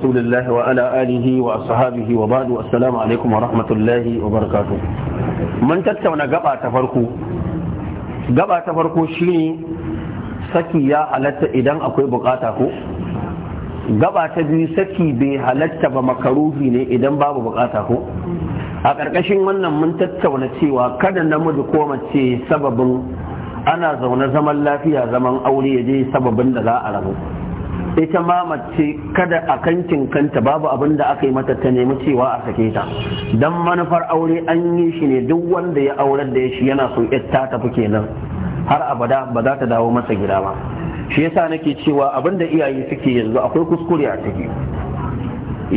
رسول الله وعلى آله وأصحابه وبعد السلام عليكم ورحمة الله وبركاته من تتونا قبع saki ya halatta idan akwai bukata ko gaba ta biyu saki bai halatta ba makaruhi ne idan babu bukata ko a ƙarƙashin wannan mun tattauna cewa kada namiji ko mace sababin ana zaune zaman lafiya zaman aure ya je sababin da za a rabu ita ma mace kada a kankin kanta babu abin da aka yi mata ta nemi cewa a sake ta dan manufar aure an yi shi ne duk wanda ya aurar da shi yana so ta tafi kenan har abada ba za ta dawo masa gida ba shi yasa nake cewa abin da iyaye suke yanzu akwai kuskure a ciki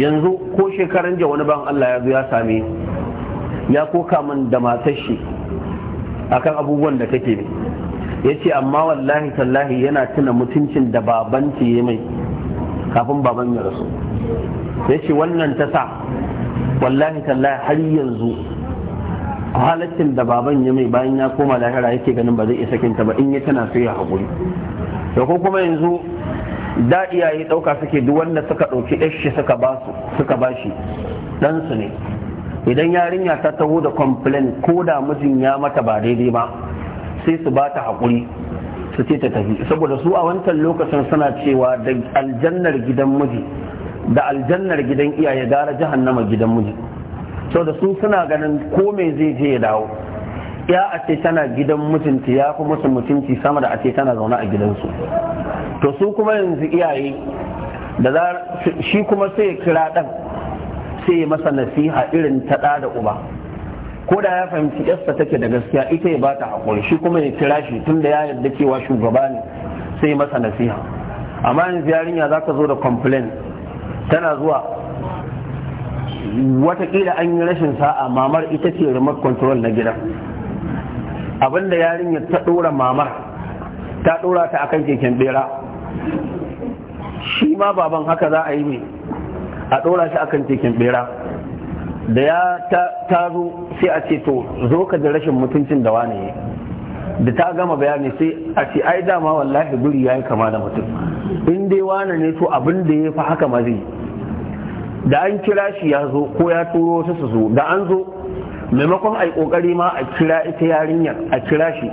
yanzu ko shekaran jiya wani ban Allah ya zo ya same ya koka min da matar shi akan abubuwan da take ne ya ce amma wallahi tallahi yana tuna mutuncin da baban ce ya mai kafin baban ya rasu ya ce wannan ta sa wallahi tallahi har yanzu halaccin da baban ya mai bayan ya koma lahira yake ganin ba zai isa kinta ba in ya tana so ya haƙuri da ko kuma yanzu da iyaye ɗauka suke duk wanda suka ɗauki shi suka ba shi ɗansu ne idan yarinya ta taho da complain ko da mijin ya mata ba daidai ba sai su ba ta haƙuri su ce ta tafi saboda su a wancan lokacin suna cewa da aljannar gidan miji da aljannar gidan iyaye gara jahannama gidan miji saboda su suna ganin ko me zai je ya dawo ya a ce tana gidan mutunci ya fi musu mutunci sama da a ce tana zaune a gidansu to su kuma yanzu iyaye da za shi kuma sai ya kira ɗan sai ya masa nasiha irin ta ɗa da uba ko da ya fahimci yasta take da gaskiya ita ya bata hakuri shi kuma ya kira shi tun da ya yarda cewa shugaba ne sai masa nasiha amma yanzu yarinya za ka zo da complain tana zuwa watakila an yi rashin sa'a mamar ita ce remote control na gidan abinda yarinya ta dora mamar ta dora ta akan keken bera shi ma baban haka za a yi a dora shi akan keken bera da ya ta zo sai a ce to zo ka da rashin mutuncin da wane da ta gama bayani sai a ce ai dama wallahi guri ya yi kama da mutum in dai wane ne to abin da ya fi haka ma zai da an kira shi ya zo ko ya turo wasu su zo da an zo maimakon a kokari ma a kira ita yarinyar a kira shi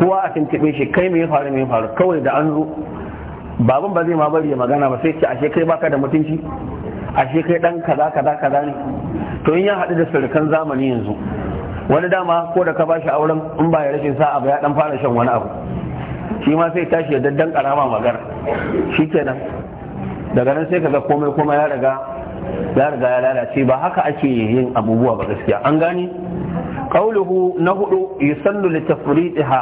kowa a tuntube shi kai mai faru mai faru kawai da an zo baban ba zai ma bari ya magana ba sai ce ashe kai baka da mutunci ashe kai dan kaza kaza kaza ne to in ya haɗu da surukan zamani yanzu wani dama ko da ka ba shi auren in ba ya rashin sa'a ba ya dan fara shan wani abu shi ma sai tashi ya daddan karama magana shi kenan daga nan sai kaga komai kuma ya riga ya riga ya lalace ba haka ake yin abubuwa ba gaskiya an gane qauluhu na hudu yusallu li tafridiha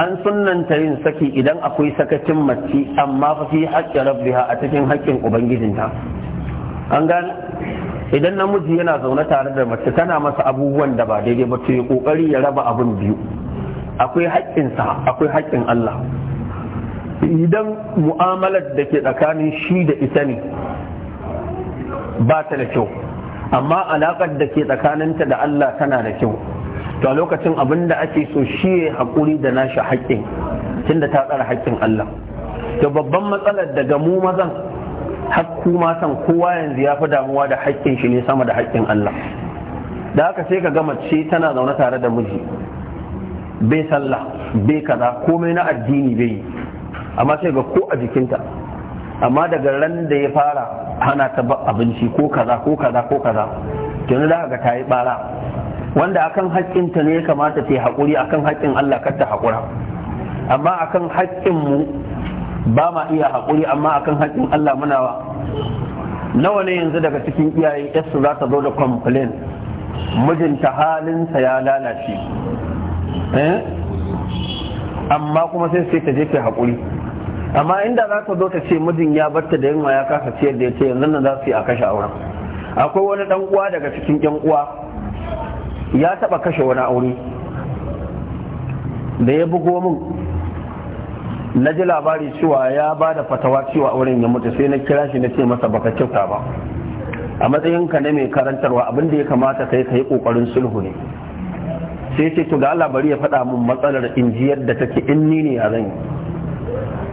an sunnanta yin saki idan akwai sakacin mace amma fa fi haƙƙi rabbiha a cikin haƙƙin ubangijinta an gane idan namiji yana zaune tare da mace tana masa abubuwan da ba daidai ba to ya kokari ya raba abin biyu akwai haƙƙinsa akwai haƙƙin Allah idan mu'amalar da ke tsakanin shi da ita ne ba ta da kyau amma alaƙar da ke tsakaninta da Allah tana da kyau to a lokacin abin da ake so shi ya haƙuri da nashi haƙƙin tunda ta tsara haƙƙin Allah to babban matsalar daga mu mazan hakku ma san kowa yanzu ya fi damuwa da haƙƙin shi ne sama da haƙƙin Allah da haka sai ka gama ce tana zaune tare da miji bai sallah bai kaza komai na addini bai yi amma sai ga ko a jikinta amma daga ran da ya fara hana ta abinci ko kaza ko kaza ko kaza yanzu da ga ta yi bara wanda akan ta ne ya kamata ta yi haƙuri akan haƙƙin Allah kar ta haƙura amma akan haƙƙin mu ba ma iya haƙuri amma akan haƙin Allah muna wa nawa ne yanzu daga cikin iyaye yasu za ta zo da complain mijinta halinsa ya lalace eh? amma kuma sai sai ta je ta haƙuri amma inda za ta zo ta ce mijin ya batta da yunwa ya kasa ciyar da ya ce yanzu nan za su yi a kashe auren akwai wani ɗan uwa daga cikin yan uwa ya taɓa kashe wani aure da ya bugo min na ji labari cewa ya ba da fatawa cewa auren ya mutu sai na kira shi na ce masa baka kyauta ba a matsayin ka na mai karantarwa abin da ya kamata kai kai kokarin sulhu ne sai ce to ga Allah bari ya faɗa min matsalar injiyar da take in ni ne ya zan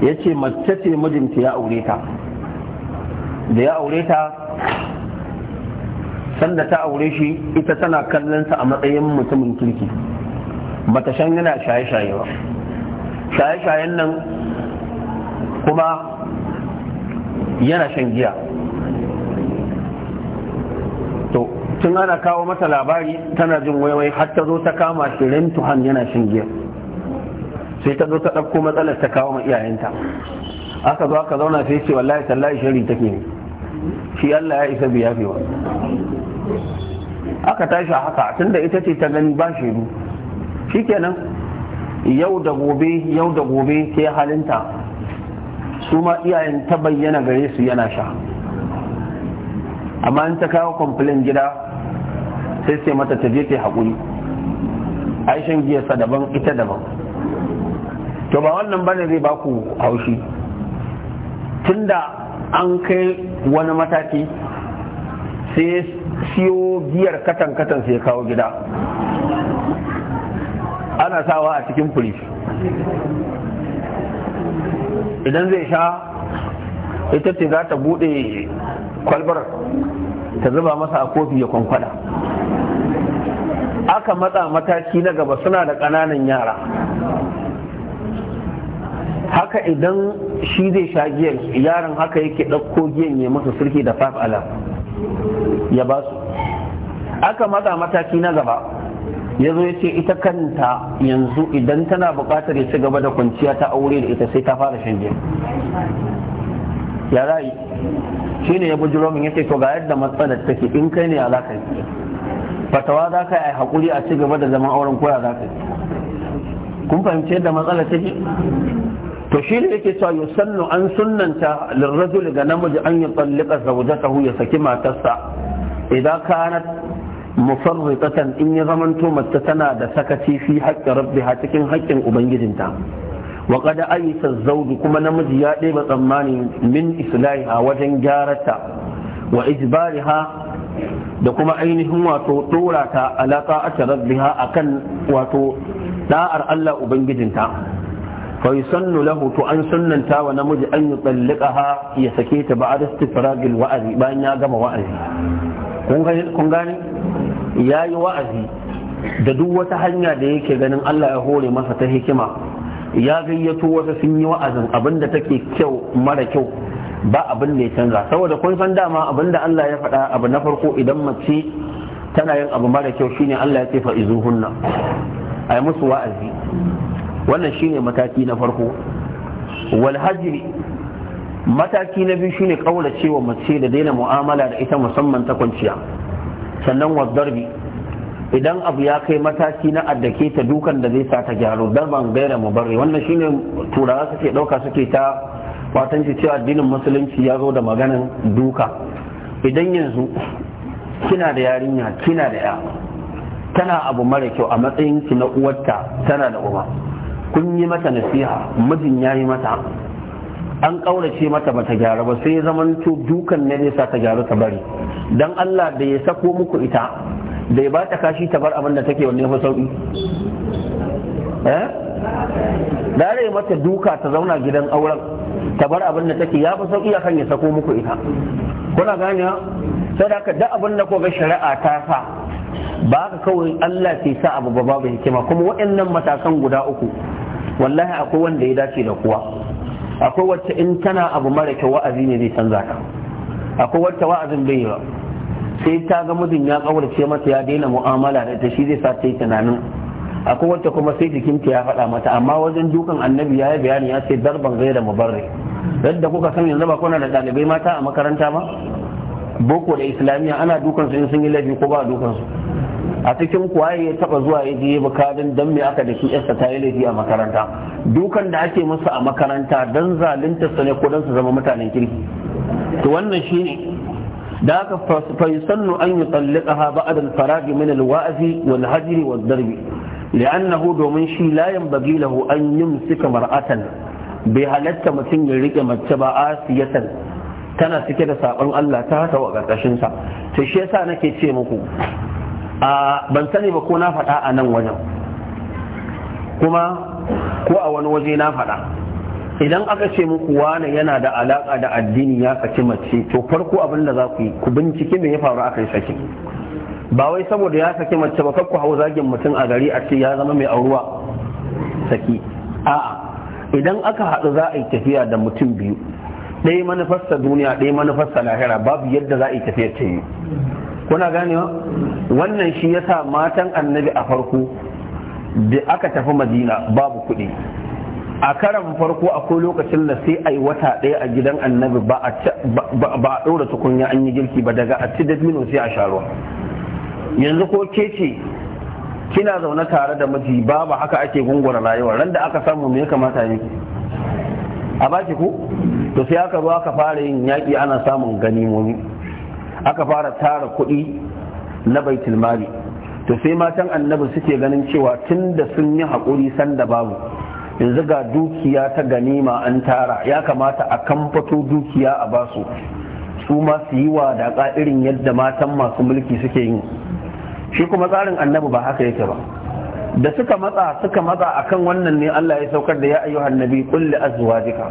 ya ce mace ce mijinta ya aure ta da ya aure ta sanda ta aure shi ita tana kallon sa a matsayin mutumin kirki bata shan yana shaye-shaye ba shaye-shayen nan kuma yana shan giya to tun ana kawo mata labari tana jin waiwai har ta zo ta kama shi rentuhan yana shan giya sai ta zo ta ɗauko matsalar ta kawo ma iyayenta aka zo aka zauna sai ce wallahi tallahi shari take ne shi Allah ya isa biya fiwa aka tashi haka tunda ita ce ta gani ba shi shikenan yau da gobe yau da gobe sai halinta su ma iyayen ta bayyana gare su yana sha amma in ta kawo kwamfilin gida sai sai mata ta je ta haƙuri aishin giyarsa daban ita daban to ba wannan ba ne zai ba ku haushi tunda an kai wani mataki sai siyo giyar katan-katan sai kawo gida ana sawa a cikin firish idan zai sha ita ce za ta bude kwalbar ta zuba masa a kofi ya kwankwada aka matsa mataki na gaba suna da ƙananan yara haka idan shi zai sha giyar yaron haka yake ɗauko giyan ya masa sulki da 5 alam ya ba su aka matsa mataki na gaba ya zo ya ce ita kanta yanzu idan tana buƙatar ya ci gaba da kwanciya ta aure da ita sai ta fara shan ya ra'ayi shi ne ya buji bujiro ya ce to ga yadda matsalar take in kai ne ka yi fatawa za ka yi haƙuri a ci gaba da zaman auren koya za ka yi kun fahimci yadda matsalar take to shi ne yake cewa sannu an sunnanta lirrajul ga namiji an yi tsallika zawjatahu ya saki matarsa idan kanat mufarritatan in ya zamanto mace tana da sakaci fi haƙƙi rabbiha cikin haƙƙin ubangijinta wa qad aysa zawj kuma namiji ya ɗeba tsammani min islahiha wajen gyararta wa ijbariha da kuma ainihin wato dora ta alaqa ta rabbiha akan wato da'ar Allah ubangijinta fa yusannu lahu to an sunnanta wa namiji an ha ya sake ta ba'da istifragil wa'azi bayan ya gama wa'azi kun ya yi wa'azi da duk wata hanya da yake ganin Allah ya hore masa ta hikima ya gayyato wata sun yi wa'azin abinda take kyau mara kyau ba abin da ya canza saboda kun san dama abin da Allah ya faɗa abu na farko idan mace tana yin abu mara kyau shine Allah ya ce a ai musu wa'azi wannan shine mataki na farko wal mataki na biyu shine kaurace wa mace da daina mu'amala da ita musamman ta kwanciya sannan wadarbi idan abu ya kai mataki na addake ta dukan da zai sa ta gyaro darban gaira bari. wannan shine turawa suke dauka suke ta watan shi cewa addinin musulunci ya zo da maganar duka idan yanzu kina da yarinya kina da ya tana abu mara kyau a matsayin ki na uwarta tana da uba kun yi mata nasiha mijin ya yi mata an ƙaurace mata bata gyara ba sai zaman to dukan ne zai sa ta gyaru ta bari dan Allah da ya sako muku ita da ya ba kashi ta bar abin da take wanne fa sauki eh da rai mata duka ta zauna gidan auren ta bar abin da take ya fi sauki akan ya sako muku ita kuna gane sai da duk abin da ga shari'a ta sa ba ka kawai Allah sai sa abu ba babu hikima kuma waɗannan matakan guda uku wallahi akwai wanda ya dace da kowa akwai wacce in tana abu mara kyau wa'azi ne zai canza ka akwai wacce wa'azin bai yi ba sai ta ga mijin ya kaurace mata ya daina mu'amala da ta shi zai sa ta yi tunanin akwai wata kuma sai jikinta ya faɗa mata amma wajen dukan annabi ya yi bayani ya ce darban gaira mubarri yadda kuka san yanzu ba kuna da ɗalibai mata a makaranta ba boko da islamiyya ana dukan su in sun yi laifi ko ba dukan su a cikin kwaye ya taba zuwa ya je bukadin dan me aka da shi yarsa ta yi laifi a makaranta dukan da ake musu a makaranta dan zalunta su ne ko dan su zama mutanen kirki to wannan shi ne da haka fa yusannu an yutallaqaha ba'da al-farag min al-wa'zi wal hajr wal darb li'annahu domin shi la yanbaghi lahu an yumsika mar'atan bai halatta mutum ya rike mace ba asiyatan tana cike da sabon Allah ta haka wa karkashin sa to shi yasa nake ce muku a ban sani ba ko na faɗa a nan wajen kuma ko a wani waje na faɗa idan aka ce muku wani yana da alaka da addini ya saki mace to farko abin da za ku yi ku bincike me ya faru aka yi saki ba wai saboda ya saki mace ba ku hau zagin mutum a gari a ce ya zama mai auruwa saki a'a idan aka haɗu za a yi tafiya da mutum biyu ɗaya manufarsa duniya ɗaya manufarsa lahira babu yadda za a yi tafiyar ta yi kuna ganewa wannan shi yasa matan annabi a farko da aka tafi madina babu kuɗi a karan farko akwai lokacin da sai a yi wata ɗaya a gidan annabi ba a ɗora tukunya an yi girki ba daga a ci dabino sai a sharuwa yanzu ko ke ce kina zaune tare da miji babu haka ake gungura rayuwa ran da aka samu me ya kamata yi a baki ku to sai aka zo aka fara yin yaƙi ana samun ganimomi aka fara tara kuɗi na baitul mali to sai matan annabi suke ganin cewa tun da sun yi haƙuri sanda babu yanzu ga dukiya ta ganima an tara ya kamata a kamfato dukiya a basu su ma yi wa daka irin yadda matan masu mulki suke yi shi kuma tsarin annabi ba haka yake ba da suka matsa suka matsa akan wannan ne Allah ya saukar da ya ayyu nabi qul azwajika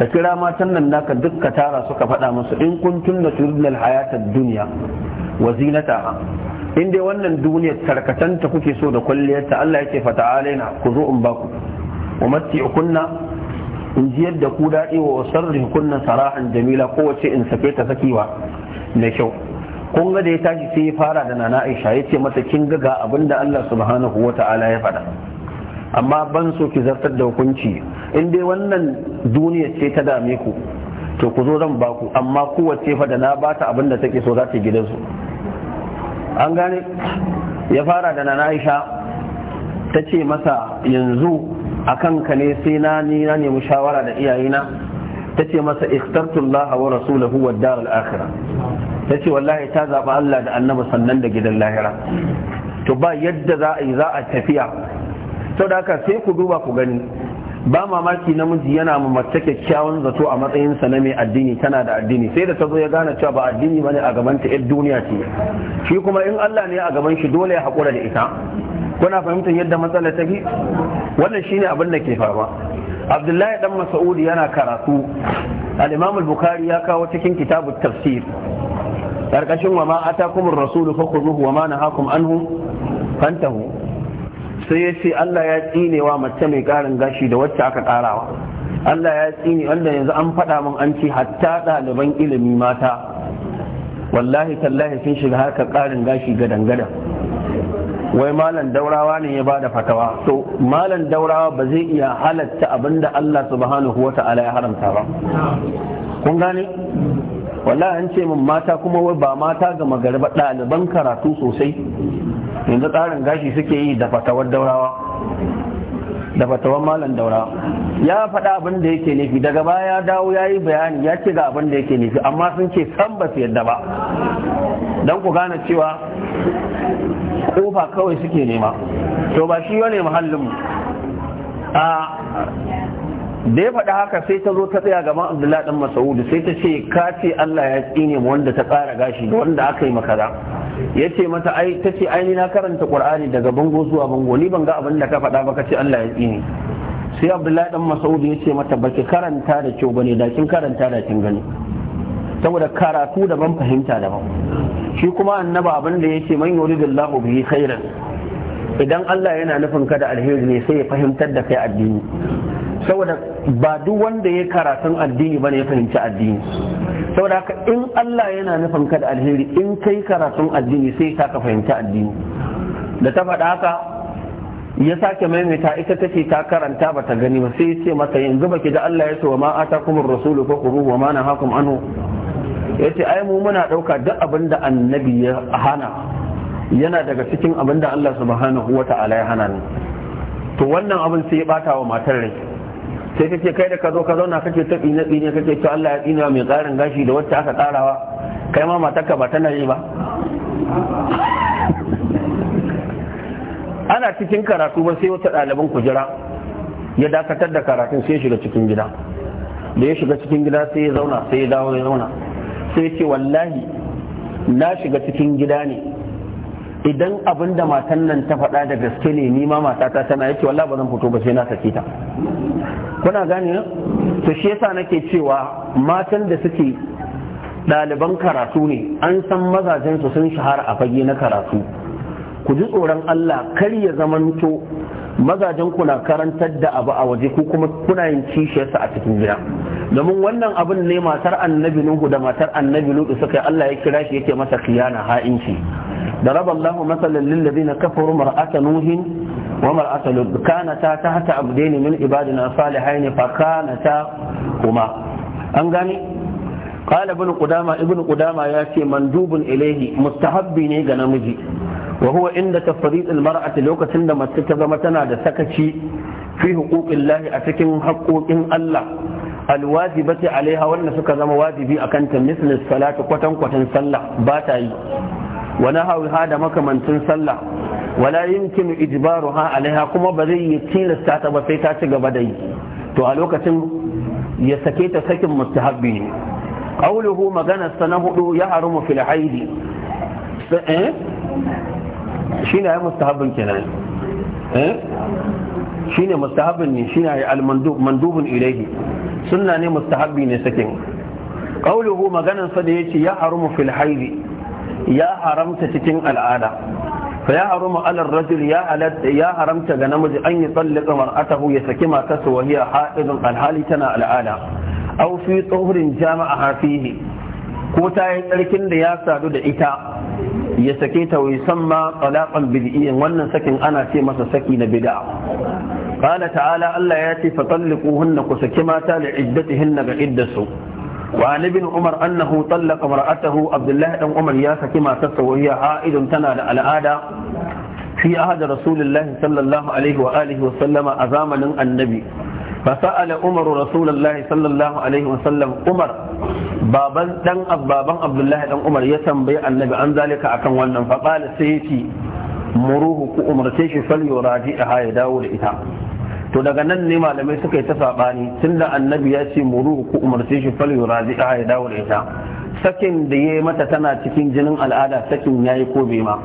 ka kira matan nan naka dukka tara suka faɗa musu in kuntum da turidna alhayata dunya wa zinataha in dai wannan duniyar tarkatanta kuke so da kwalliyarta Allah yake fata alaina ku zo in baku wa kunna in ji yadda ku daɗi wa kunna sarahan jamila kowace in sake ta sakewa mai kyau kun ga da ya tashi sai ya fara da nana Aisha ya ce mata kin ga ga abin Allah subhanahu wa ta'ala ya faɗa amma ban so ki zartar da hukunci in dai wannan duniya ce ta dame ku to ku zo zan ba ku amma kowace fa da na ba ta abin da take so za ta gidansu an gane ya fara da nana Aisha ta ce masa yanzu a kanka ne sai na ni na nemi shawara da iyayena ta ce masa ikhtartullah wa rasulahu wa dar al-akhirah ta ce wallahi ta zaba Allah da annabi sannan da gidan lahira to ba yadda za a yi za a tafiya to da haka sai ku duba ku gani ba mamaki namiji yana mu mace kyakkyawan zato a matsayinsa na mai addini tana da addini sai da ta zo ya gane cewa ba addini bane a gaban ta duniya ce shi kuma in Allah ne a gaban shi dole ya haƙura da ita kuna fahimtar yadda matsala ta fi wannan shine abin da ke faruwa abdullahi dan mas'udi yana karatu al-imam al-bukhari ya kawo cikin kitabu tafsir karkashin wa ma atakum ar-rasul fakhuduhu wa ma nahakum anhu fantahu sai yace Allah ya tsinewa mace mai karin gashi da wacce aka karawa Allah ya tsine wanda yanzu an faɗa min an ce hatta ɗaliban ilimi mata wallahi tallahi sun shiga harkar karin gashi ga gadan wai malam daurawa ne ya ba da fatawa to malam daurawa ba zai iya halatta abinda da Allah subhanahu wa ta'ala ya haramta ba kun gane Wala an ce min mata kuma wai ba mata ga magariba ɗaliban karatu sosai yanzu tsarin gashi suke yi da fatawar daurawa da fatawan malam daura ya faɗa abin da yake nufi daga baya ya dawo ya yi bayani ya ce ga abin da yake nufi amma sun ce san ba su yadda ba don ku gane cewa ƙofa kawai suke nema to ba shi wane muhallinmu a da ya faɗi haka sai ta zo ta tsaya gaban abdullahi dan masaudu sai ta ce ka ce allah ya tsine mu wanda ta ƙara gashi da wanda aka yi makara. ya ce mata ai ta ce ai na karanta qur'ani daga bango zuwa bango ni ban ga abin da ka faɗa ba ka ce allah ya tsine sai abdullahi ɗan masaudu ya ce mata baki karanta da kyau bane da kin karanta da kin gani saboda karatu daban fahimta daban shi kuma annaba abin da ya ce man yuridullahu bihi khairan idan allah yana nufin ka da alheri ne sai ya fahimtar da kai addini saboda ba duk wanda ya karatun addini bane ya fahimci addini saboda haka in Allah yana nufin ka da alheri in kai karatun addini sai ka ka fahimci addini da ta faɗa haka ya sake maimaita ita take ta karanta ba ta gani ba sai ya ce mata yanzu baki da Allah ya ce wa ma atakumur rasulu fa quru wa ma nahakum anhu ce ai mu muna dauka duk abinda annabi ya hana yana daga cikin abin da Allah subhanahu wa ta'ala ya hana ne to wannan abin sai ya bata wa matar rai sai kake kai da ka zo ka zauna kake ta tsine tsine kake to Allah ya tsina mai tsarin gashi da wacce aka tsarawa kai ma matarka ba tana yi ba ana cikin karatu ba sai wata ɗaliban kujera ya dakatar da karatun sai ya shiga cikin gida da ya shiga cikin gida sai ya zauna sai ya dawo ya zauna sai ya ce wallahi na shiga cikin gida ne idan abin da matan nan ta faɗa da gaske ne ni ma matata tana yake wallahi ba zan fito ba sai na saki ta kuna gane to shi yasa nake cewa matan da suke ɗaliban karatu ne an san mazajen su sun shahara a fage na karatu ku ji tsoron Allah kar ya zamanto mazajen ku na karantar da abu a waje ku kuma kuna yin kishiyarsa a cikin gida domin wannan abin ne matar annabi Nuhu da matar annabi Lutu suka Allah ya kira shi yake masa khiyana ha'inci ضرب الله مثلا للذين كفروا مرأة نوح ومرأة لوط كانتا تحت عبدين من عبادنا صالحين فكانتا هما أنغاني قال ابن قدامة ابن قدامة ياتي مندوب إليه مستحب نيجا نمجي وهو عند تفريط المرأة لوكا تند ما تتزمتنا دا سكتشي في حقوق الله أتكن حقوق الله الواجبة عليها وأن سكزم واجبي أكنت مثل الصلاة قتن قتن صلى باتاي wani hauha da makamantin sallah wala yumkinu ijbaruha alaiha kuma ba zai yi tilasta ta ba sai ta ci gaba da to a lokacin ya sake ta sakin mustahabbi ne qawluhu magana sana hudu ya haramu fil haidi eh shine ya mustahabbin kenan eh shine mustahabbin ne shine ya almandub mandubun ilayhi sunna ne mustahabbi ne sakin qawluhu maganan sa da yace ya haramu fil haidi ya haramta cikin al'ada fa ya haruma alal rajul ya halatta ya haramta ga namiji an yi tsallaka mar'atahu ya saki matarsa wa hiya haidun alhali tana al'ada aw fi tsohurin jama'a hafihi ko ta yi tsarkin da ya sadu da ita ya sake ta wai samma talaqan bid'iyyan wannan sakin ana ce masa saki na bid'a qala ta'ala Allah ya ce fa talliquhunna ku saki mata li iddatihinna ga iddasu wa an umar annahu tallaqa mar'atahu abdullahi dan umar ya saki matarsa wahiya ha'idun tana da al'ada fi ahad rasulullahi sallallahu alaihi wa alihi wa sallama a zamanin annabi فسأل عمر رسول الله صلى الله عليه وسلم عمر baban دان بابن عبد الله دان عمر يتنبي النبي عن ذلك akan wannan shi fal مروه كأمر ya dawo da ita. to daga nan ne malamai suka yi ta saɓani tunda annabi ya ce muru ku umarce shi fal yurazi ya dawo da ita sakin da yayi mata tana cikin jinin al'ada sakin ya yi ko bai ma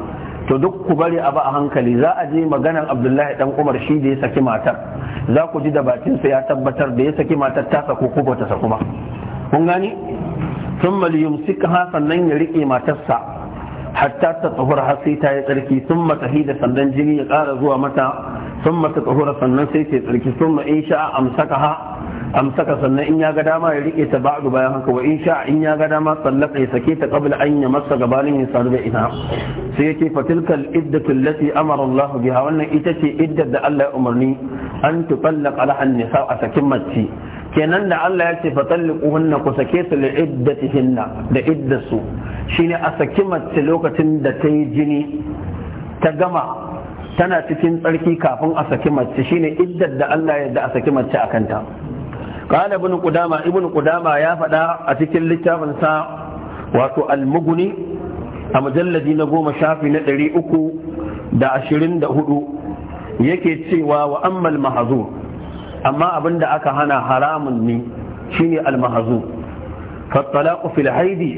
to duk ku bari a ba a hankali za a je maganar abdullahi dan umar shi da ya saki matar za ku ji da bakinsa ya tabbatar da ya saki matar ta sako ko bata saku ba kun gani sun maliyum sannan ya riƙe matarsa hatta ta tsohura har sai ta yi tsarki sun matsahi da sandan jini ya ƙara zuwa mata sun mata tsohura sannan sai ta yi tsarki sun ma in sha'a amsaka ha amsaka sannan in ya ga dama ya riƙe ta ba'adu bayan haka wa in sha'a in ya ga dama tsallaka ya sake ta qabla an ya masa gabanin ya sadu da ita sai yake fatilkal iddatu allati amara Allah biha wannan ita ce iddar da Allah ya umarni an tuqallaq ala an-nisa a sakin mace kenan da Allah ya ce fatalliquhunna ku sake su li iddatihinna da iddasu shine a saki mace lokacin da ta yi jini ta gama tana cikin tsarki kafin a saki mace shine iddar da Allah ya da a saki mace a kanta. qala ibn qudama ibn qudama ya faɗa a cikin littafin sa wato al a mujalladi na goma shafi na ɗari uku da ashirin da hudu yake cewa wa ammal mahazur amma abin da aka hana haramun ne shine almahazu fattalaqu fil haidi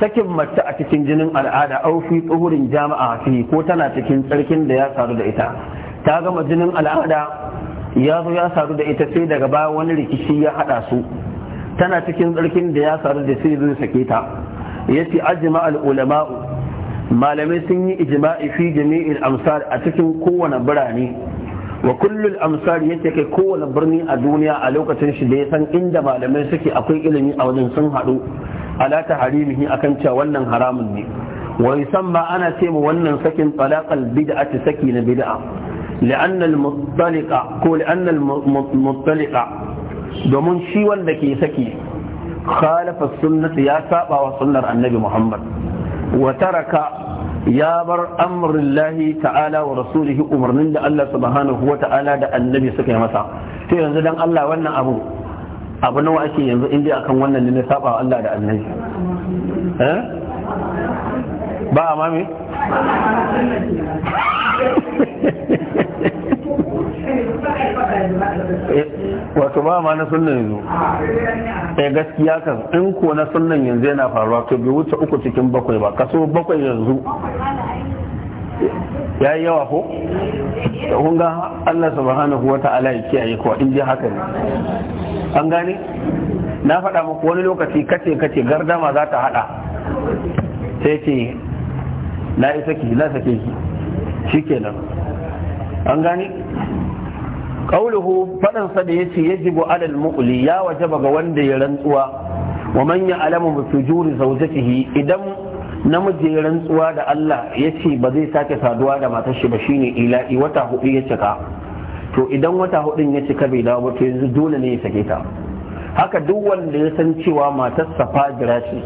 sakin mace a cikin jinin al'ada au fi tsuhurin jama'a fi ko tana cikin tsarkin da ya saru da ita ta gama jinin al'ada ya zo ya saru da ita sai daga baya wani rikici ya hada su tana cikin tsarkin da ya saru da sai zai sake ta yace ajma al ulama'u malamai sun yi ijma'i fi jami'il amsal a cikin kowane birane wa kullul amsar yace kai kowane birni a duniya a lokacin shi da ya san inda malamai suke akwai ilimi a wajen sun haɗu ala ta harimihi akan cewa wannan haramun ne wa yusamma ana ce mu wannan sakin talaqal bid'ati saki na bid'a لأن المطلقة كو لأن المطلقة domin shi wanda ke saki khalafa sunnati ya saba wa sunnar annabi Muhammad wa ya bar amrin lahi ta'ala wa rasulihi umarnin da Allah subhanahu wa ta'ala da annabi suka yi masa to yanzu dan Allah wannan abu abu nawa ake yanzu inda akan wannan ne saba wa Allah da annabi eh? ba a mami Eh, wato ba ma na sunnan yanzu eh gaskiya kan in ko na sunnan yanzu yana faruwa to bi wuce uku cikin bakwai ba kaso bakwai yanzu ya yi yawa ko da kunga Allah subhanahu wa ta'ala ya kiyaye ko in ji haka ne an gane na faɗa muku wani lokaci kace kace gardama za ta haɗa sai ce na yi saki na sake ki shikenan an gane qauluhu fadan sa da yace yajibu alal mu'li ya ba ga wanda ya rantsuwa wa man ya'lamu bi fujuri zawjatihi idan namiji ya rantsuwa da Allah ya ce ba zai sake saduwa da matar shi ba shine ila'i wata hudu ya cika to idan wata hudun ya cika bai dawo to yanzu dole ne ya sake ta haka duk wanda ya san cewa matar fajira ce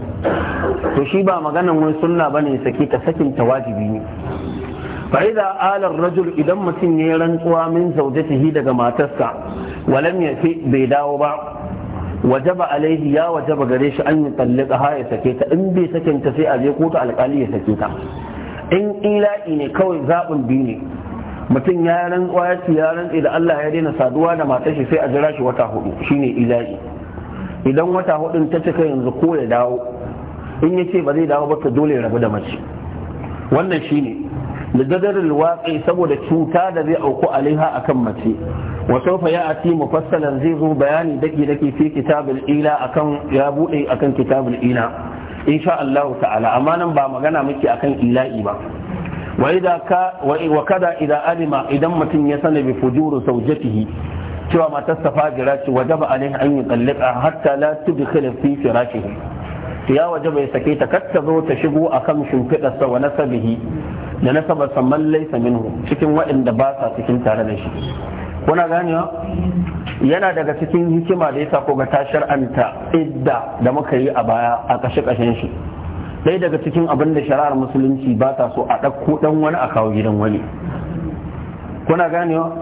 to shi ba maganan wani sunna bane sake ta sakin ta wajibi ne فإذا آل الرجل إذا متن يرنقوا من زوجته ba ما تسكى ولم يأتي بيداو وجب عليه يا وجب قريش أن يطلقها يسكيتا إن بي سكن تسي أزيقوت على الأقل يسكيتا إن إلا إني كوي biyu بيني mutum ya rantsuwa ya ce ya rantsi da Allah ya daina saduwa da matar shi sai a jira shi wata hudu shine ilahi idan wata hudun ta cika yanzu ko ya dawo in yace ba zai dawo ba ka dole ya rabu da mace wannan shine da dadarar waƙi saboda cuta da zai auku alaiha akan mace wa ya ati mufassalan zai zo bayani daki daki fi kitabul ila akan ya bude akan kitabul ila insha Allah ta'ala amma nan ba magana muke akan ila'i ba wa idza ka wa kada idza alima idan mutum ya sani bi fujuru zawjatihi cewa matarsa fajira ce wajaba alaihi an yutallika hatta la tudkhil fi firashihi ya waje bai sake ta kar ta zo ta shigo a kan shimfiɗarsa wa nasabihi da nasabar samman laisa minhu cikin waɗanda ba sa cikin tare da shi kuna ganewa yana daga cikin hikima da yasa ko ga ta shar'anta idda da muka yi a baya a kashe kashen shi dai daga cikin abin da shari'ar musulunci ba ta so a ɗauko ɗan wani a kawo gidan wani kuna ganewa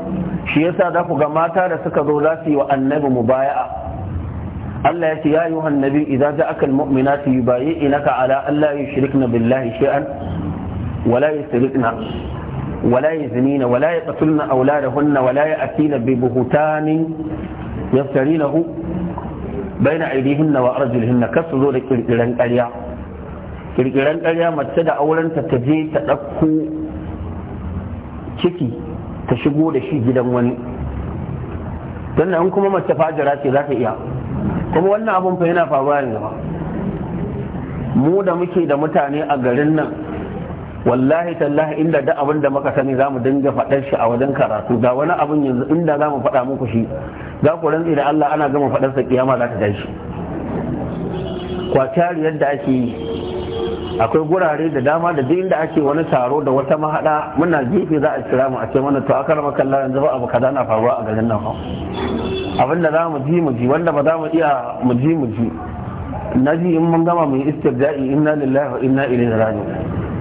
shi yasa za ku ga mata da suka zo za su yi wa annabi mubaya'a Allah ya ce ya yi nabi idan za aka mu'minatu yubayyi'naka ala Allah yushrikna billahi shi'an. wala yusrikna ولا يزنين na يقتلن أولادهن ولا يأتين ببهتان يفترينه بين أيديهن وأرجلهن كسر الكركران قليا kirkiran ƙarya mace da aurenta ta je ta ɗauko ciki ta shigo da shi gidan wani sannan kuma mace fajira ce za ta iya kuma wannan abun fa yana faruwa ne ba mu da muke da mutane a garin nan wallahi tallahi inda da abin da muka sani zamu dinga faɗar shi a wajen karatu ga wani abin yanzu inda zamu faɗa muku shi za ku rantsi da Allah ana gama faɗar sa kiyama za ta tashi kwatar yadda ake yi akwai gurare da dama da duk inda ake wani taro da wata mahada muna gefe za a kira mu a ce mana to aka rama kalla yanzu ba abu kaza na faruwa a garin nan fa abin da za mu ji mu ji wanda ba za mu iya mu ji mu ji na ji in mun gama mai yi istirja'i inna lillahi wa inna ilaihi raji'un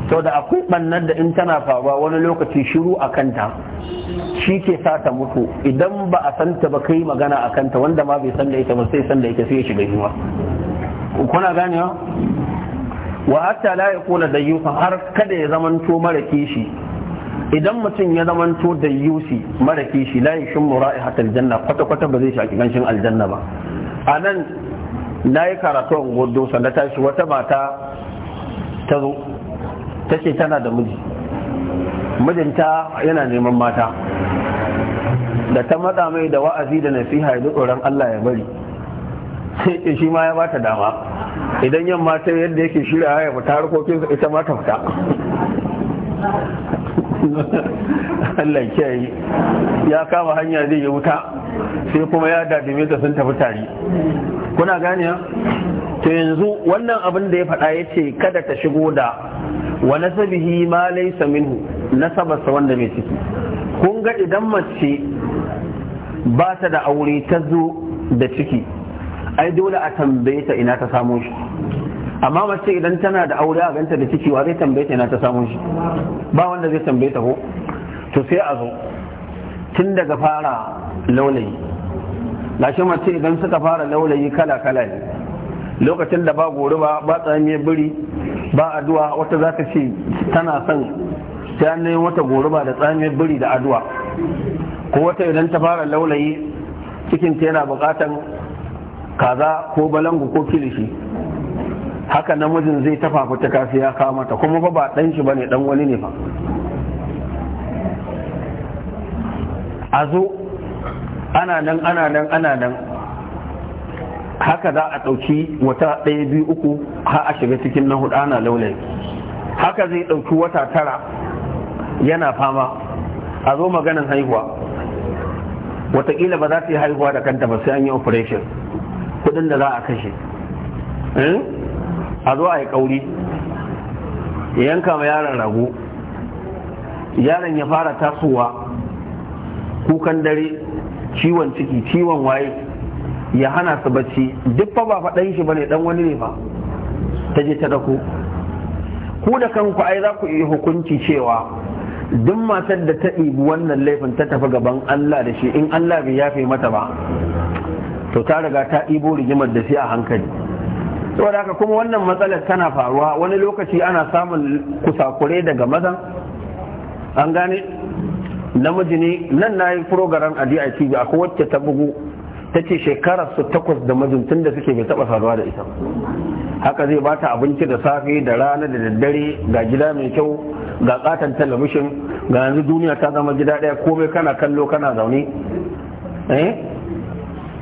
to da akwai bannar da in tana faruwa wani lokaci shiru a kanta shi ke sa ta mutu idan ba a santa ba kai magana a kanta wanda ma bai san da ita ba sai san da ita sai ya shiga yiwa kuna ganewa wa hatta la yakuna dayyufa har kada ya zamanto mara kishi idan mutum ya zamanto yusi mara kishi la yashmu ra'ihat aljanna kwata kwata ba zai shaki ganshin aljanna ba anan nayi karatu a godo sanda ta shi wata mata ta zo ta ce tana da miji mijinta yana neman mata da ta matsa mai da wa'azi da nasiha ya tsoron Allah ya bari shima shi ma ya bata dama idan yamma ta yadda yake shirya ya fita harkokinsa ita ma ta fita Allah kiyaye ya kama hanya zai yi wuta sai kuma ya dadime ta sun tafi tare kuna gane to yanzu wannan abin da ya faɗa ya ce kada ta shigo da wa nasabihi ma laysa minhu nasabarsa wanda mai ciki kun ga idan mace ba ta da aure ta zo da ciki ai dole a tambaye ta ina ta samo shi amma mace idan tana da aure a ganta da ciki wa zai tambaye ta ina ta samo shi ba wanda zai tambaye ta ko to sai a zo tun daga fara laulayi lashe mace idan suka fara laulayi kala kala ne lokacin da ba gori ba ba tsamiyar biri ba addu'a wata za ta ce tana son ta yanayin wata gori ba da tsamiyar biri da addu'a ko wata idan ta fara laulayi cikin ta yana bukatan kaza ko balangu ko kilishi haka namijin zai tafa ta kafi ya kawo mata kuma ba dan shi bane dan wani ne fa a zo ana nan ana nan ana nan haka za a ɗauki wata ɗaya biyu uku har a shiga cikin na hudu ana laulayi haka zai ɗauki wata tara yana fama a zo maganin haihuwa watakila ba za ta yi haihuwa da kanta ba sai an yi operation kudin da za a kashe eh? a zo a yi kauri yanka ma yaron rago yaron ya fara tasowa kukan dare ciwon ciki ciwon waye ya hana su bacci duk fa ba faɗan shi bane dan wani ne ba ta je ta dako ku da kanku ai za ku yi hukunci cewa duk matar da ta ɗibi wannan laifin ta tafi gaban Allah da shi in Allah bai yafe mata ba to ta riga ta ibo rigimar da shi a hankali saboda haka kuma wannan matsalar tana faruwa wani lokaci ana samun kusakure daga mazan an gane namiji ne nan na yi program a DITV ko wacce ta bugu ta ce shekarar su takwas da majintun da suke bai taba faruwa da ita haka zai bata abinci da safe da rana da daddare ga gida mai kyau ga katon talabishin ga yanzu duniya ta zama gida daya komai kana kallo kana zaune eh?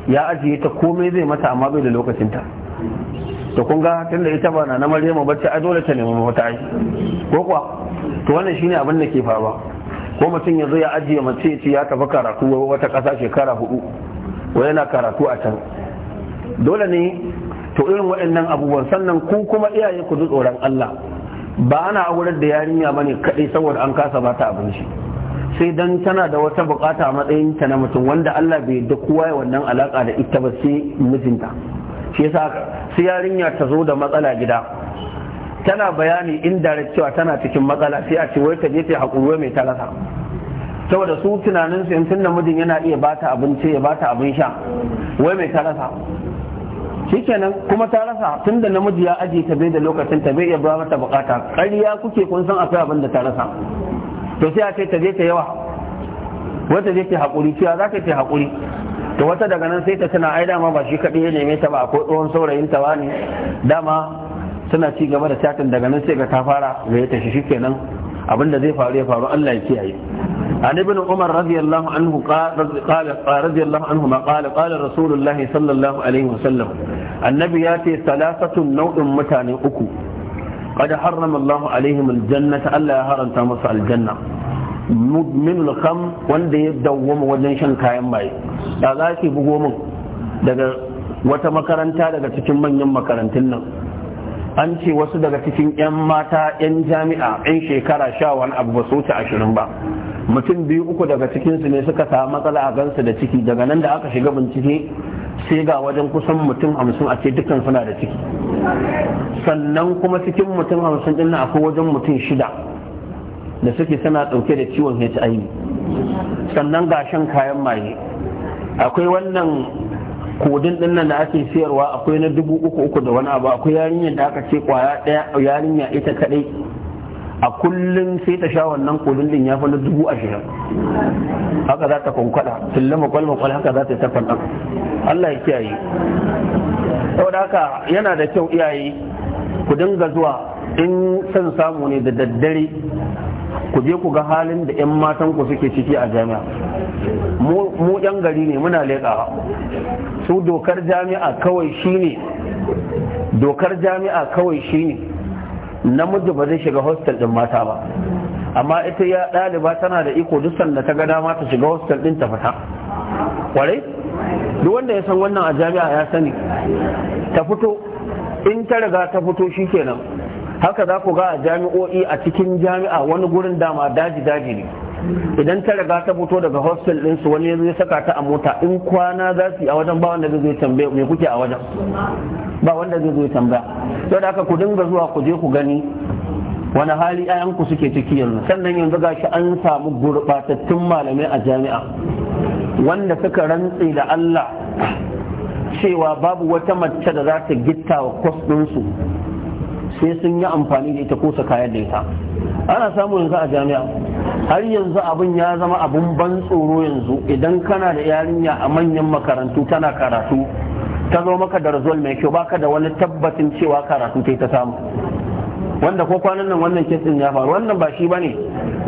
ya ajiye ta komai zai mata amma bai da lokacinta to kun ga tun da ita ba na maryama ba ce a dole ta nemi mata ai ko kuwa to wannan shine abin da ke faruwa ko mutum ya zo ya ajiye mace ce ya tafi karatu wata kasa shekara hudu ko yana karatu a can dole ne to irin waɗannan abubuwan sannan ku kuma iyaye ku ji tsoron Allah ba ana aurar da yarinya bane kadai saboda an kasa mata abin abinci sai dan tana da wata bukata a matsayin ta na mutum wanda Allah bai da kowa wannan alaka da ita ba sai mijinta shi yasa sai yarinya ta zo da matsala gida tana bayani da cewa tana cikin matsala sai a ce wai ta je ta hakuri mai talaka saboda su tunanin su in da mijin yana iya bata abinci ya bata abin sha wai mai talaka shikenan kuma ta rasa tun da namiji ya ajiye ta bai da lokacin ta bai iya ba mata bukata ƙarya kuke kun san akwai abin da ta rasa to sai a ce ta je ta yawa wata je ta haƙuri cewa za ta ce haƙuri to wata daga nan sai ta tana ai dama ba shi kaɗai ya neme ta ba akwai tsohon saurayin ta ne. dama suna ci gaba da satin daga nan sai ga ta fara ga ta shi kenan abin da zai faru ya faru Allah ya kiyaye an ibn Umar radiyallahu anhu qala قال رضي الله عنهما qala قال رسول الله صلى الله عليه وسلم قد حرم الله Allah ya ألا هرم aljanna. الجنة مدمن الخم وند يدوم wajen shan kayan باي da za ki bugo min daga wata makaranta daga cikin manyan makarantun nan an ce wasu daga cikin 'yan mata 'yan jami'a 'yan shekara sha wani abu ba su wuce ashirin ba mutum biyu uku daga cikinsu ne suka samu matsala a gansu da ciki daga nan da aka shiga bincike sai ga wajen kusan mutum hamsin a ce dukkan suna da ciki sannan kuma cikin mutum hamsin din akwai wajen mutum shida da suke suna ɗauke da ciwon HIV sannan gashin kayan maye akwai wannan kodin din nan da ake siyarwa akwai na dubu uku uku da wani abu akwai yarinyar da aka ce kwaya ɗaya yarinya ita kaɗai a kullum sai ta sha wannan din ya fi na dubu ashirin haka za ta kwankwada makwal makwal haka za ta tafan nan Allah ya kiyaye saboda haka yana da kyau iyaye ku dinga zuwa in san samu ne da daddare ku je ku ga halin da 'yan matan ku suke ciki a jami'a mu 'yan gari ne muna leƙa su dokar jami'a kawai shine dokar jami'a kawai shine namiji ba zai shiga hostel din mata ba amma ita ya ɗaliba tana da iko duk sanda ta ga dama ta shiga hostel din ta fita kwarai duk wanda ya san wannan a jami'a ya sani ta fito in ta riga ta fito shikenan haka za ku ga a jami'o'i a cikin jami'a wani gurin dama daji daji ne idan ta riga ta fito daga hostel din su wani ya saka ta a mota in kwana za su yi a wajen ba wanda zai tambaye me kuke a wajen ba wanda zai zo ya tambaya to da aka ku dinga zuwa ku je ku gani wani hali ku suke ciki yanzu sannan yanzu gashi an samu gurbatattun malamai a jami'a wanda suka rantse da Allah cewa babu wata mace da za ta gitta wa kwas ɗinsu sai sun yi amfani da ita ko kayan kayar da ita ana samu yanzu a jami'a har yanzu abin ya zama abin ban tsoro yanzu idan kana da yarinya a manyan makarantu tana karatu ta zo maka da razol mai kyau baka da wani tabbacin cewa karatu ta ta samu wanda ko kwanan nan wannan kitsin ya faru wannan ba shi ba ne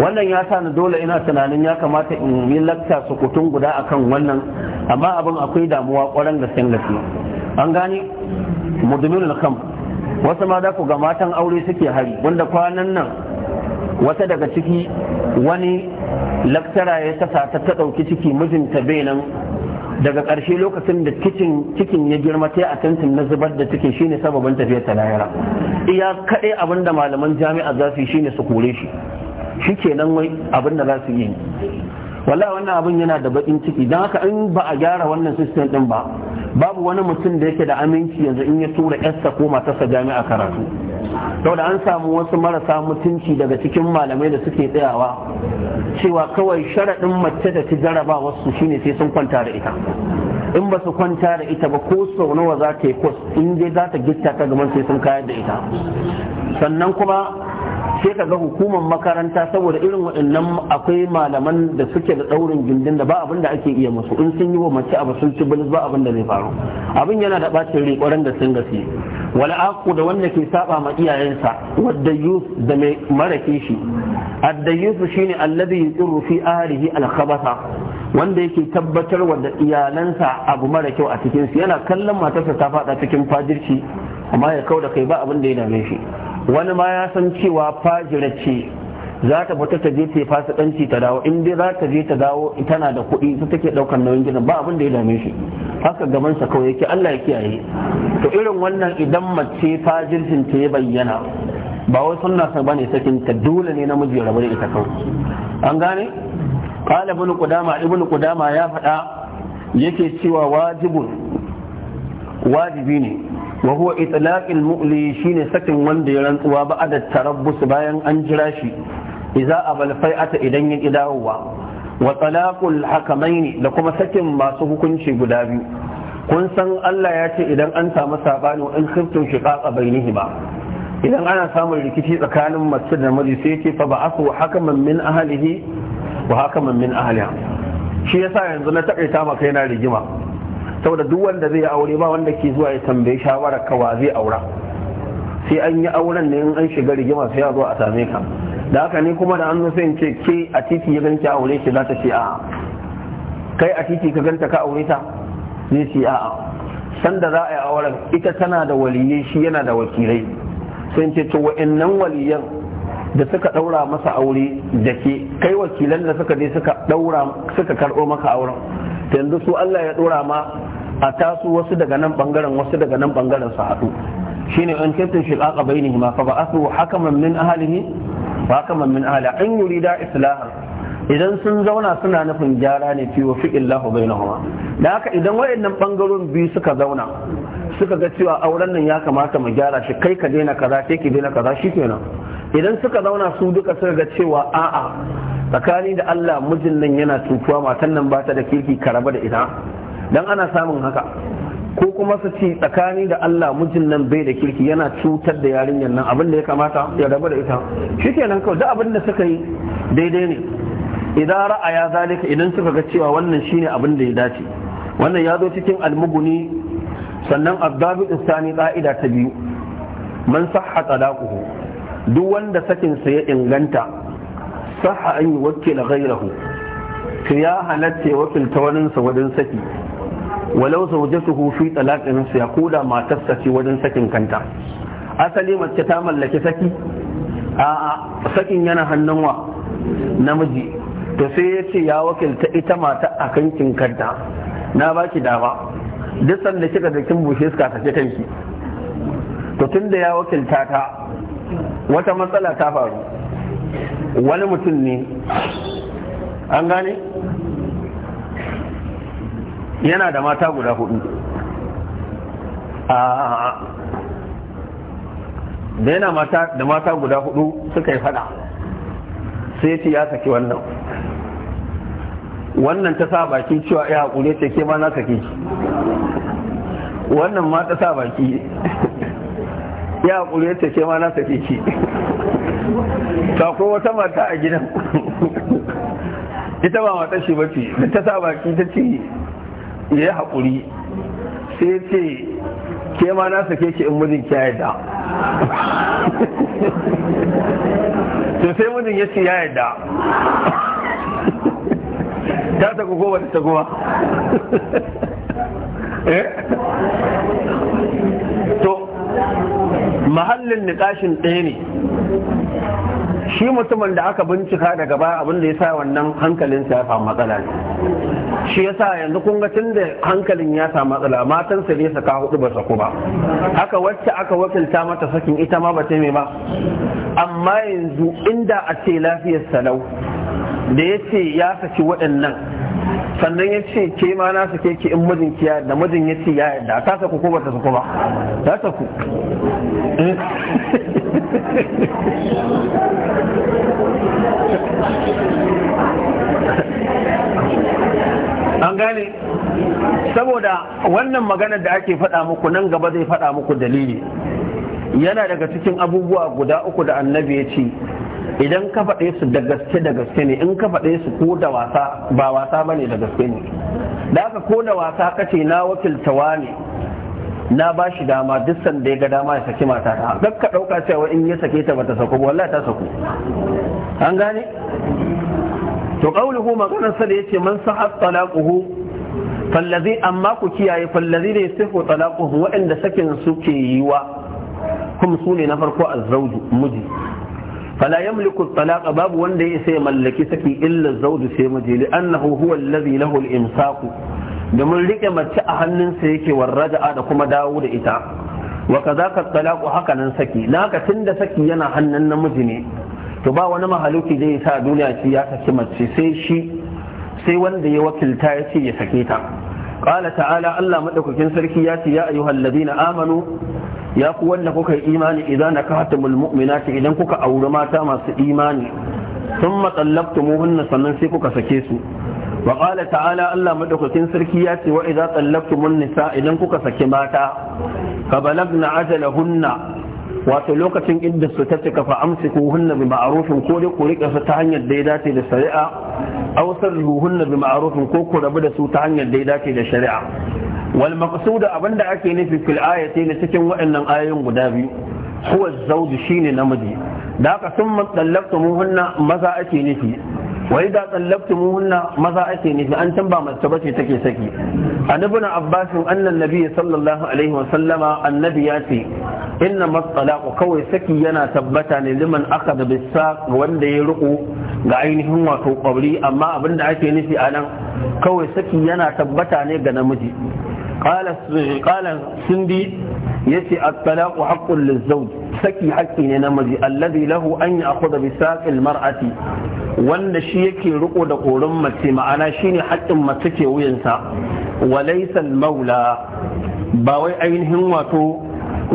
wannan ya sa ni dole ina tunanin ya kamata in yi lakta sukutun guda akan wannan amma abin akwai damuwa kwaran gaske gasi an gani mudminul kam wasu ma da ku ga matan aure suke hari wanda kwanan nan wata daga ciki wani laktara ya sasa ta ta ɗauki ciki mijinta bai nan daga ƙarshe lokacin da cikin ya girma ta tantin na zubar da cikin shine sababin tafiyar ta lahira iya kaɗai abin da malaman jami'a za su yi shine su kore shi shi kenan wai abin da za su yi wallahi wannan abin yana da bakin ciki don haka in ba a gyara wannan system din ba babu wani mutum da yake da aminci yanzu in ya tura yarsa ko matarsa jami'a karatu saboda an samu wasu marasa mutunci daga cikin malamai da suke tsayawa cewa kawai sharaɗin mace da ta jaraba wasu shine sai sun kwanta da ita in ba su kwanta da ita ba ko sau nawa za ta yi kos in dai za ta gitta ta gaban sai sun kayar da ita sannan kuma sai ka ga hukumar makaranta saboda irin waɗannan akwai malaman da suke da ɗaurin gindin da ba abin da ake iya musu in sun yi wa mace abu sun ci bilis ba abin da zai faru abin yana da ɓacin rai ƙwarar da sun gasi wala aku da wanda ke saba ma iyayensa wadda yus da mai mara kishi adda yusu shine alladhi yuqirru fi ahlihi al-khabatha wanda yake tabbatar wa da iyalansa abu mara kyau a cikin su yana kallon matarsa ta fada cikin fajirci amma ya kauda kai ba abin da ya dame shi wani ma ya san cewa fajira ce za ta fita ta je ta fasikanci ta dawo in dai za ta je ta dawo tana da kuɗi ta take ɗaukar nauyin gidan ba abin da ya dame shi haka gaban sa kawai yake Allah ya kiyaye to irin wannan idan mace fajircin ta ya bayyana ba wai sunna sa bane sakin ta dole ne namiji ya rabu da ita kawai an gane qala ibn qudama ibn qudama ya faɗa yake cewa wajibun wajibi ne wa huwa itlaqil mu'li shine sakin wanda ya rantsuwa ba adad tarabbus bayan an jira shi a abal fai'ata idan ya kidawowa wa talaqul hakamaini da kuma sakin masu hukunci guda biyu kun san Allah ya ce idan an samu sabani wa in khiftum shiqaqa bainihima idan ana samun rikici tsakanin mace da namiji sai ce fa ba'athu hakaman min ahlihi wa hakaman min ahliha shi yasa yanzu na takaita maka yana rigima saboda duk wanda zai aure ba wanda ke zuwa ya tambaye shawara kawa zai aura sai an yi auren ne in an shiga rigima sai ya zo a same ka da haka ne kuma da an zo sai ce ke a titi ya ganki aure ki za ta ce a'a kai a titi ka ganta ka aure ta zai ce a'a sanda za a yi auren ita tana da waliyai shi yana da wakilai sai ce to wa'annan waliyan da suka daura masa aure da ke kai wakilan da suka je suka daura suka karbo maka auren yanzu su Allah ya dora ma a tasu wasu daga nan bangaren wasu daga nan bangaren su haɗu shine in kuntum shiqaqa bainihima fa ba'athu hakaman min ahlihi wa hakaman min ahli an yurida islahan idan sun zauna suna nufin gyara ne fi wa fi'illahu bainahuma da haka idan waɗannan bangarorin biyu suka zauna suka ga cewa auren nan ya kamata mu gyara shi kai ka daina kaza kai ki daina kaza shi kenan idan suka zauna su duka suka ga cewa a'a tsakani da Allah mijin nan yana tutuwa matan nan ba ta da kirki karaba da ita dan ana samun haka ko kuma su ce tsakani da Allah mijin nan bai da kirki yana cutar da yarinyar nan abin da ya kamata ya raba da ita shi kenan kawai duk abin da suka yi daidai ne idan ra'aya zalika idan suka ga cewa wannan shine abin da ya dace wannan ya zo cikin almuguni sannan abdabi isani ƙa'ida ta biyu man sahha talaquhu duk wanda sakin sa ya inganta sahha an yuwakkila ghayrahu to ya halatta wakilta wani sa wajen saki walau zawjatuhu fi talaqin sa yakuda matarsa ce wajen sakin kanta asali mace ta mallaki saki a'a sakin yana hannun wa namiji to sai ya ce ya wakilta ita mata a kankin kanta na baki dama duk sanda kika da kin bushe suka sace kanki to tun da ya wakilta ta wata matsala ta faru wani mutum ne an gane yana da mata guda hudu da yana da mata guda hudu suka yi fada sai ce ya saki wannan wannan ta sa baki cewa ya hakuri ce ke ma na saki wannan ma ta sa baki ya haƙuri yadda ke ma na sake ki ta ko wata mata a gidan ita ba mata shi bace da ta sa baki ta ce ya haƙuri sai ce ke ma na sake ki in mijin ki yadda to sai mijin ya ce ya yadda ta ta ko ba ta kuma Eh? to mahallin niƙashin ɗaya ne shi mutumin da aka bincika daga ba abinda ya sa wannan hankalinsa ya samu matsala ne shi ya sa yanzu kunga ga tun da hankalin ya samu matsala matansa ne saka hudu ba saku ba haka wacce aka wakilta mata sakin ita ma ba ta mai ba amma yanzu inda a ce lafiyar salau da ya ce ya saki waɗannan sannan ya ce ke ma na su keke in mijin kiya da mijin ya ce ya yarda ta saku ko ta saku ba ta saku an gane saboda wannan maganar da ake faɗa muku nan gaba zai faɗa muku dalili yana daga cikin abubuwa guda uku da annabi ya ce idan ka faɗe su da gaske da gaske ne in ka faɗe su ko da wasa ba wasa bane da gaske ne da haka ko da wasa kace na wakilta wani na ba shi dama duk sanda ya ga dama ya saki mata ta duk ka dauka cewa in ya sake ta bata sako wallahi ta sako an gane to qauluhu maganar sa da yace man sahat talaquhu fallazi amma ku kiyaye fallazi ne sifo talaquhu wa'anda sakin suke yiwa kuma su ne na farko azzauju miji fala yamliku talaqa babu wanda ya ya mallaki saki illar zaudu sai maji li annahu huwa alladhi lahu al domin rike mace a hannunsa yake warraja'a da kuma dawo da ita wa kadaka haka hakanan saki naka tunda saki yana hannun namiji ne to ba wani mahaluki zai sa duniya shi ya saki mace sai shi sai wanda ya wakilta ya ce ya sake ta qala ta'ala Allah madaukakin sarki ya ce ya ayyuhal na amanu ya ku wanda kuka yi imani idan nakahtumul mu'minati idan kuka auri mata masu imani thumma hunna sannan sai kuka sake su wa ta'ala Allah madaukakin sarki ya ce wa idza nisa idan kuka sake mata ka ajala hunna.' wato lokacin inda su ta cika fa ko hunna bi ma'rufin ko dai ku rika su ta hanyar da ya dace da shari'a aw sarru hunna bi ma'rufin ko ku rabu da su ta hanyar da ya dace da shari'a wal maqsud abinda ake nufi fil ayati ne cikin waɗannan ayoyin guda biyu huwa zawj shine namiji da haka sun hunna maza ake nufi wai da tsallabtumuhunna maza ake nufi an can ba mace bace take saki an ibn annan nabi sallallahu alaihi wa sallama annabi ya ce inna matsalaku kawai saki yana tabbata ne liman aka da bisa wanda ya riko ga ainihin wato kwabri amma abin da ake nufi a nan kawai saki yana tabbata ne ga namiji qala sindi yace ce a haqqun haƙƙun lizzau. saki haƙƙi ne namiji alladhi lahu an ya'khudha bi saqil mar'ati wanda shi yake riko da ƙorin mace ma'ana shine haƙƙin mace ke wuyansa walaisal maula ba wai ainihin wato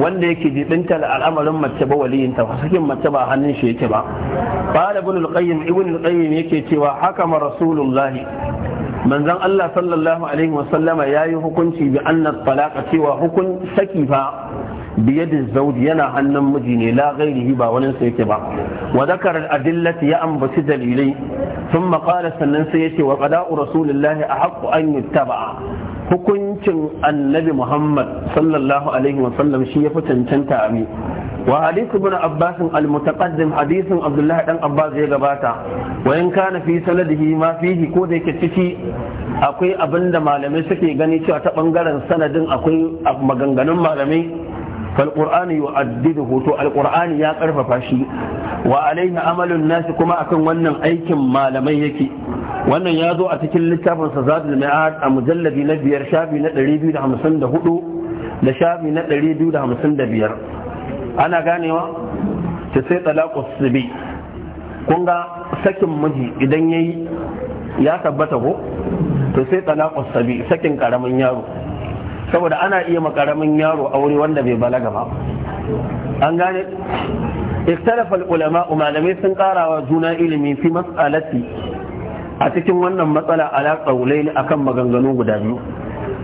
wanda yake jibinta al'amarin mace ba waliyinta ba sakin mace ba hannun shi yake ba qala ibn al-qayyim ibn al-qayyim yake cewa hakama rasulullahi manzon Allah sallallahu alaihi wa sallama yayi hukunci bi anna talaqa cewa hukun saki fa biyadi zawji yana hannun miji ne la ghairihi ba wani sai yake ba wa dhakara al-adillati ya ambaci dalilai thumma qala sannan sai yace wa qada'u A ahaqqu an yuttaba hukun hukuncin annabi muhammad sallallahu alaihi wasallam shi ya fi cancanta a mi wa hadisu bin abbas al-mutaqaddim hadithun abdullah dan abbas ya gabata wa in kana fi sanadihi ma fihi ko da yake ciki akwai abinda malamai suke gani cewa ta bangaren sanadin akwai maganganun malamai فالقرآن يؤدده تو القرآن ya قرف shi وعليه عمل الناس كما أكن ونن wannan aikin malamai yake wannan ya zo a cikin littafin sazad al-ma'ad a mujalladi na biyar shafi na 254 da shafi na 255 ana ganewa ta sai talaqus sibi kun ga sakin miji idan yayi ya tabbata ko to sai talaqus sabi sakin karamin yaro saboda ana iya makaramin yaro aure wanda bai balaga ba an gane اختلف العلماء malamai sun karawa juna ilimi fi mas'alati a cikin wannan matsala ala qaulaini akan maganganu guda biyu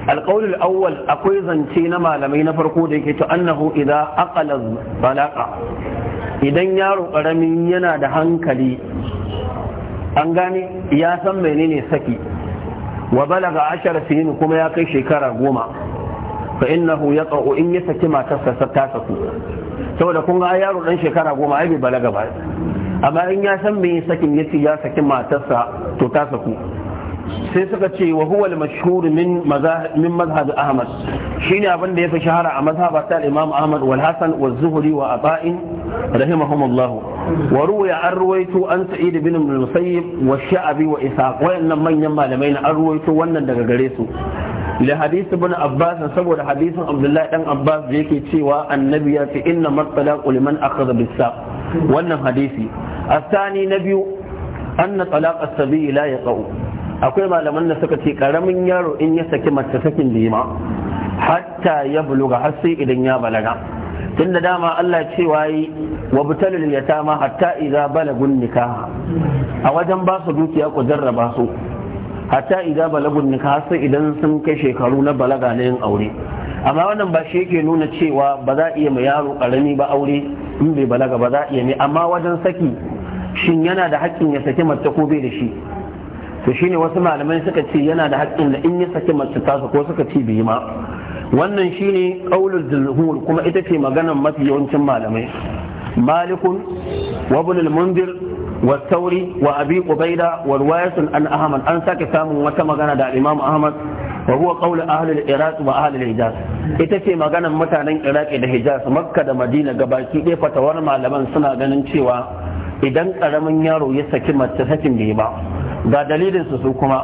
alqaulul Auwal akwai zance na malamai na farko da yake to annahu idza aqala balaqa idan yaro karamin yana da hankali an gane ya san menene saki wa balaga ashara sinin kuma ya kai shekara goma fa innahu yaqa'u in ya saki matarsa ta saku saboda kun ga yaro dan shekara goma ai bai balaga ba amma in ya san me sakin yace ya saki matarsa to ta saku sai suka ce wa huwa al-mashhur min min mazhab Ahmad shine abin da yafi shahara a mazhabar ta Imam Ahmad wal Hasan wal Zuhri wa Aba'in rahimahumullah wa ruwaya an ruwaito an Sa'id ibn al-Musayyib wa Sha'bi wa Ishaq wayannan manyan malamai na an ruwaito wannan daga gare su Da hadisi ibn abbas saboda hadisin abdullahi dan abbas da yake cewa annabi ya ce inna mattalaqu liman akhadha bisa. wannan hadisi asani na biyu anna talaq as-sabi la yaqau akwai malaman da suka ce karamin yaro in ya saki mace sakin jima hatta ya buluga har sai idan ya balaga tun da dama Allah cewa yi wa butalil yatama hatta idza balagun nikaha a wajen ba su dukiya ku jarraba su hatta idan balagun ka sai idan sun kai shekaru na balaga na yin aure amma wannan ba shi yake nuna cewa ba za iya mai yaro karami ba aure in bai balaga ba za iya ne amma wajen saki shin yana da haƙƙin ya saki mace ko bai da shi to shine wasu malamai suka ce yana da haƙƙin da in ya saki mace ta ko suka ce bai ma wannan shine qaulul jumhur kuma ita ce maganar mafi yawancin malamai malikun wa ibn al-mundir والثوري وأبي قبيدة والوايس عن أحمد أن ساكتام وتمغنا دا الإمام أحمد وهو قول أهل العراق وأهل الحجاز إتسي مغانا متانا العراق الحجاز مكة دا مدينة قباكي إيه فتورم على من سنة غنن شوا إذن قرمن يارو يسكي متسكي بيبا دا دليل سسوكما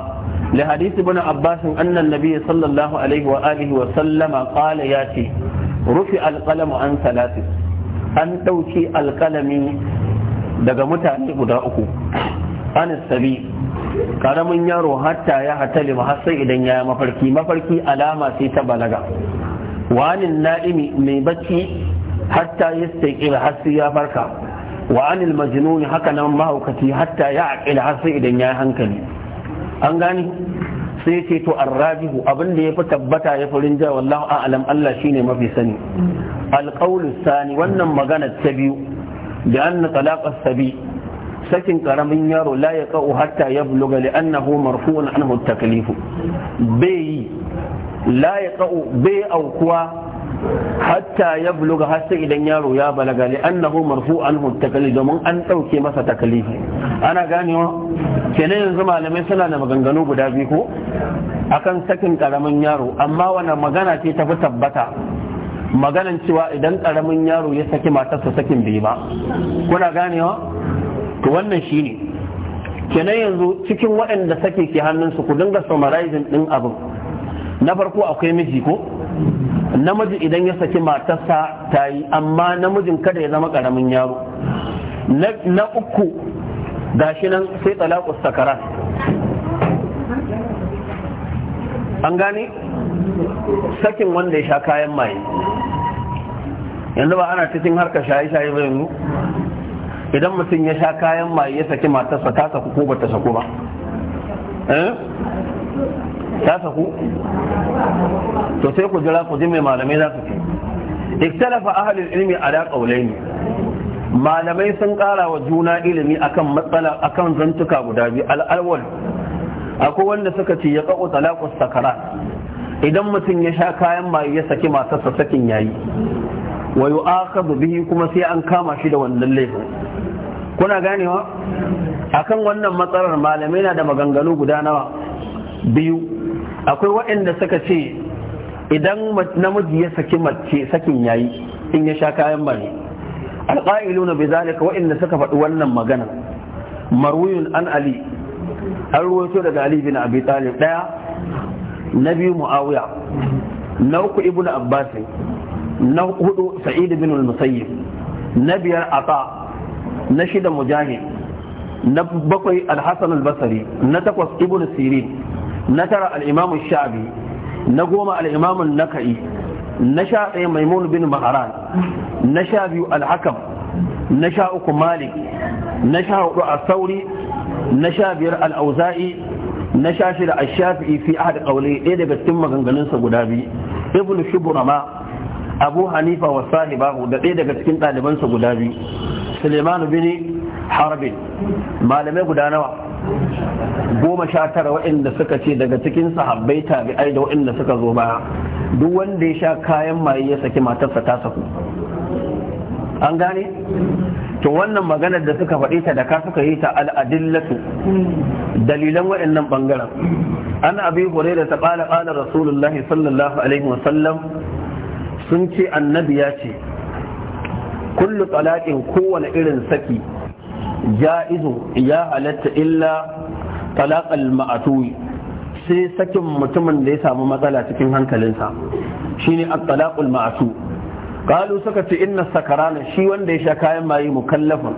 لحديث ابن عباس أن النبي صلى الله عليه وآله وسلم قال ياتي رفع القلم عن ثلاث an ɗauki alƙalami daga mutane guda uku anis sabi karamin yaro hatta ya hatali har sai idan ya mafarki mafarki alama sai ta balaga wanin na'imi mai bacci hatta ya staƙila har sai ya farka wa anil majnun haka nan mahaukaci hatta ya aqila har sai idan ya hankali an gani sai ce to arrabihu abin da ya fi tabbata ya fi rinja wallahu a'lam Allah shine mafi sani alqawlu sani wannan magana ta biyu da anna talaqas sabi sakin karamin yaro la ya ka'u hatta ya buluga li annahu marfu'un anhu taklifu bai la ya ka'u bai aukuwa hatta ya buluga har sai idan yaro ya balaga li annahu marfu anhu takalif domin an dauke masa takalifi ana ganewa kenan yanzu malamai suna da maganganu guda biyu ko akan sakin karamin yaro amma wannan magana ce fi tabbata maganan cewa idan karamin yaro ya saki matarsa sakin bai ba kuna ganewa to wannan shine kenan yanzu cikin waɗanda sake ke hannunsu ku dinga summarizing ɗin abin na farko akwai miji ko namiji idan ya saki matarsa ta yi amma namijin kada ya zama karamin yaro na uku gashi nan sai talakus sakara an gane sakin wanda ya sha kayan maye yanzu ba ana cikin harka shaye-shaye ba yanzu idan mutum ya sha kayan maye ya saki matarsa ta saku ko ba ta saku ba eh? ta saku to sai ku jira ku ji mai malamai za su ce iktalafa ahalin ilimi ilmi ala ne. malamai sun ƙara wa juna ilimi akan matsala akan zantuka guda biyu al'alwal akwai wanda suka ce ya ƙaƙo talakus sakarat idan mutum ya sha kayan maye ya saki matarsa sakin yayi wa yu'akhadhu bihi kuma sai an kama shi da wannan laifin kuna ganewa kan wannan matsalar malamai na da maganganu guda nawa biyu akwai waɗanda suka ce idan namiji ya saki mace sakin yayi in ya sha kayan bane alqailuna zalika waɗanda suka faɗi wannan magana marwiyun an ali an ruwaito daga ali bin abi talib Ɗaya na biyu muawiya na uku ibnu Abbasin. na hudu sa'id bin al-musayyib na biyar ata na shida mujahid na bakwai al-hasan al-basri na takwas ibn sirin na tara al-imam shabi na goma al-imam nakai na sha ɗaya maimun bin maharan na sha biyu al-hakam na sha uku malik na sha hudu as-sauri na sha biyar al-auza'i na sha shida ash-shafi'i fi ahad qawli ɗaya daga cikin maganganunsa guda biyu ibn shubrama abu hanifa wa sahibahu da ɗaya daga cikin ɗalibansa guda biyu suleiman bin harbin malamai guda nawa goma sha tara waɗanda suka ce daga cikin sahabbai tabi'ai da waɗanda suka zo baya duk wanda ya sha kayan maye ya saki matarsa ta saku an gane to wannan maganar da suka faɗi ta da ka suka yi ta al'adillatu dalilan waɗannan ɓangaren an abi hurairah ta qala qala rasulullahi sallallahu alaihi wasallam sun ce annabi ya ce kullu talaƙin kowane irin saki ja'izu ya halatta illa talaƙal ma'atuwi sai sakin mutumin da ya samu matsala cikin hankalinsa shine at-talaqul ma'atu qalu suka ce inna sakarana shi wanda ya sha kayan maye mukallafin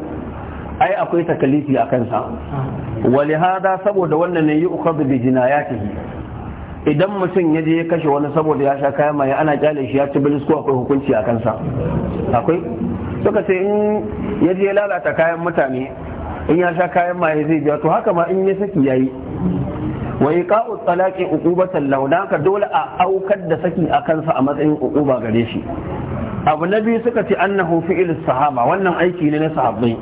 ai akwai takalifi a kansa walihada saboda wannan ne yi ukhadhu bi jinayatihi idan mutum ya je ya kashe wani saboda ya sha kayan maye ana kyale shi ya ci bilis ko akwai hukunci a kansa akwai suka ce in ya je lalata kayan mutane in ya sha kayan maye zai biya to haka ma in ya saki yayi wa iqa'u talaqi uqubatan law ka dole a aukar da saki a kansa a matsayin uquba gare shi abu na biyu suka ce annahu fi'il sahaba wannan aiki ne na sahabbai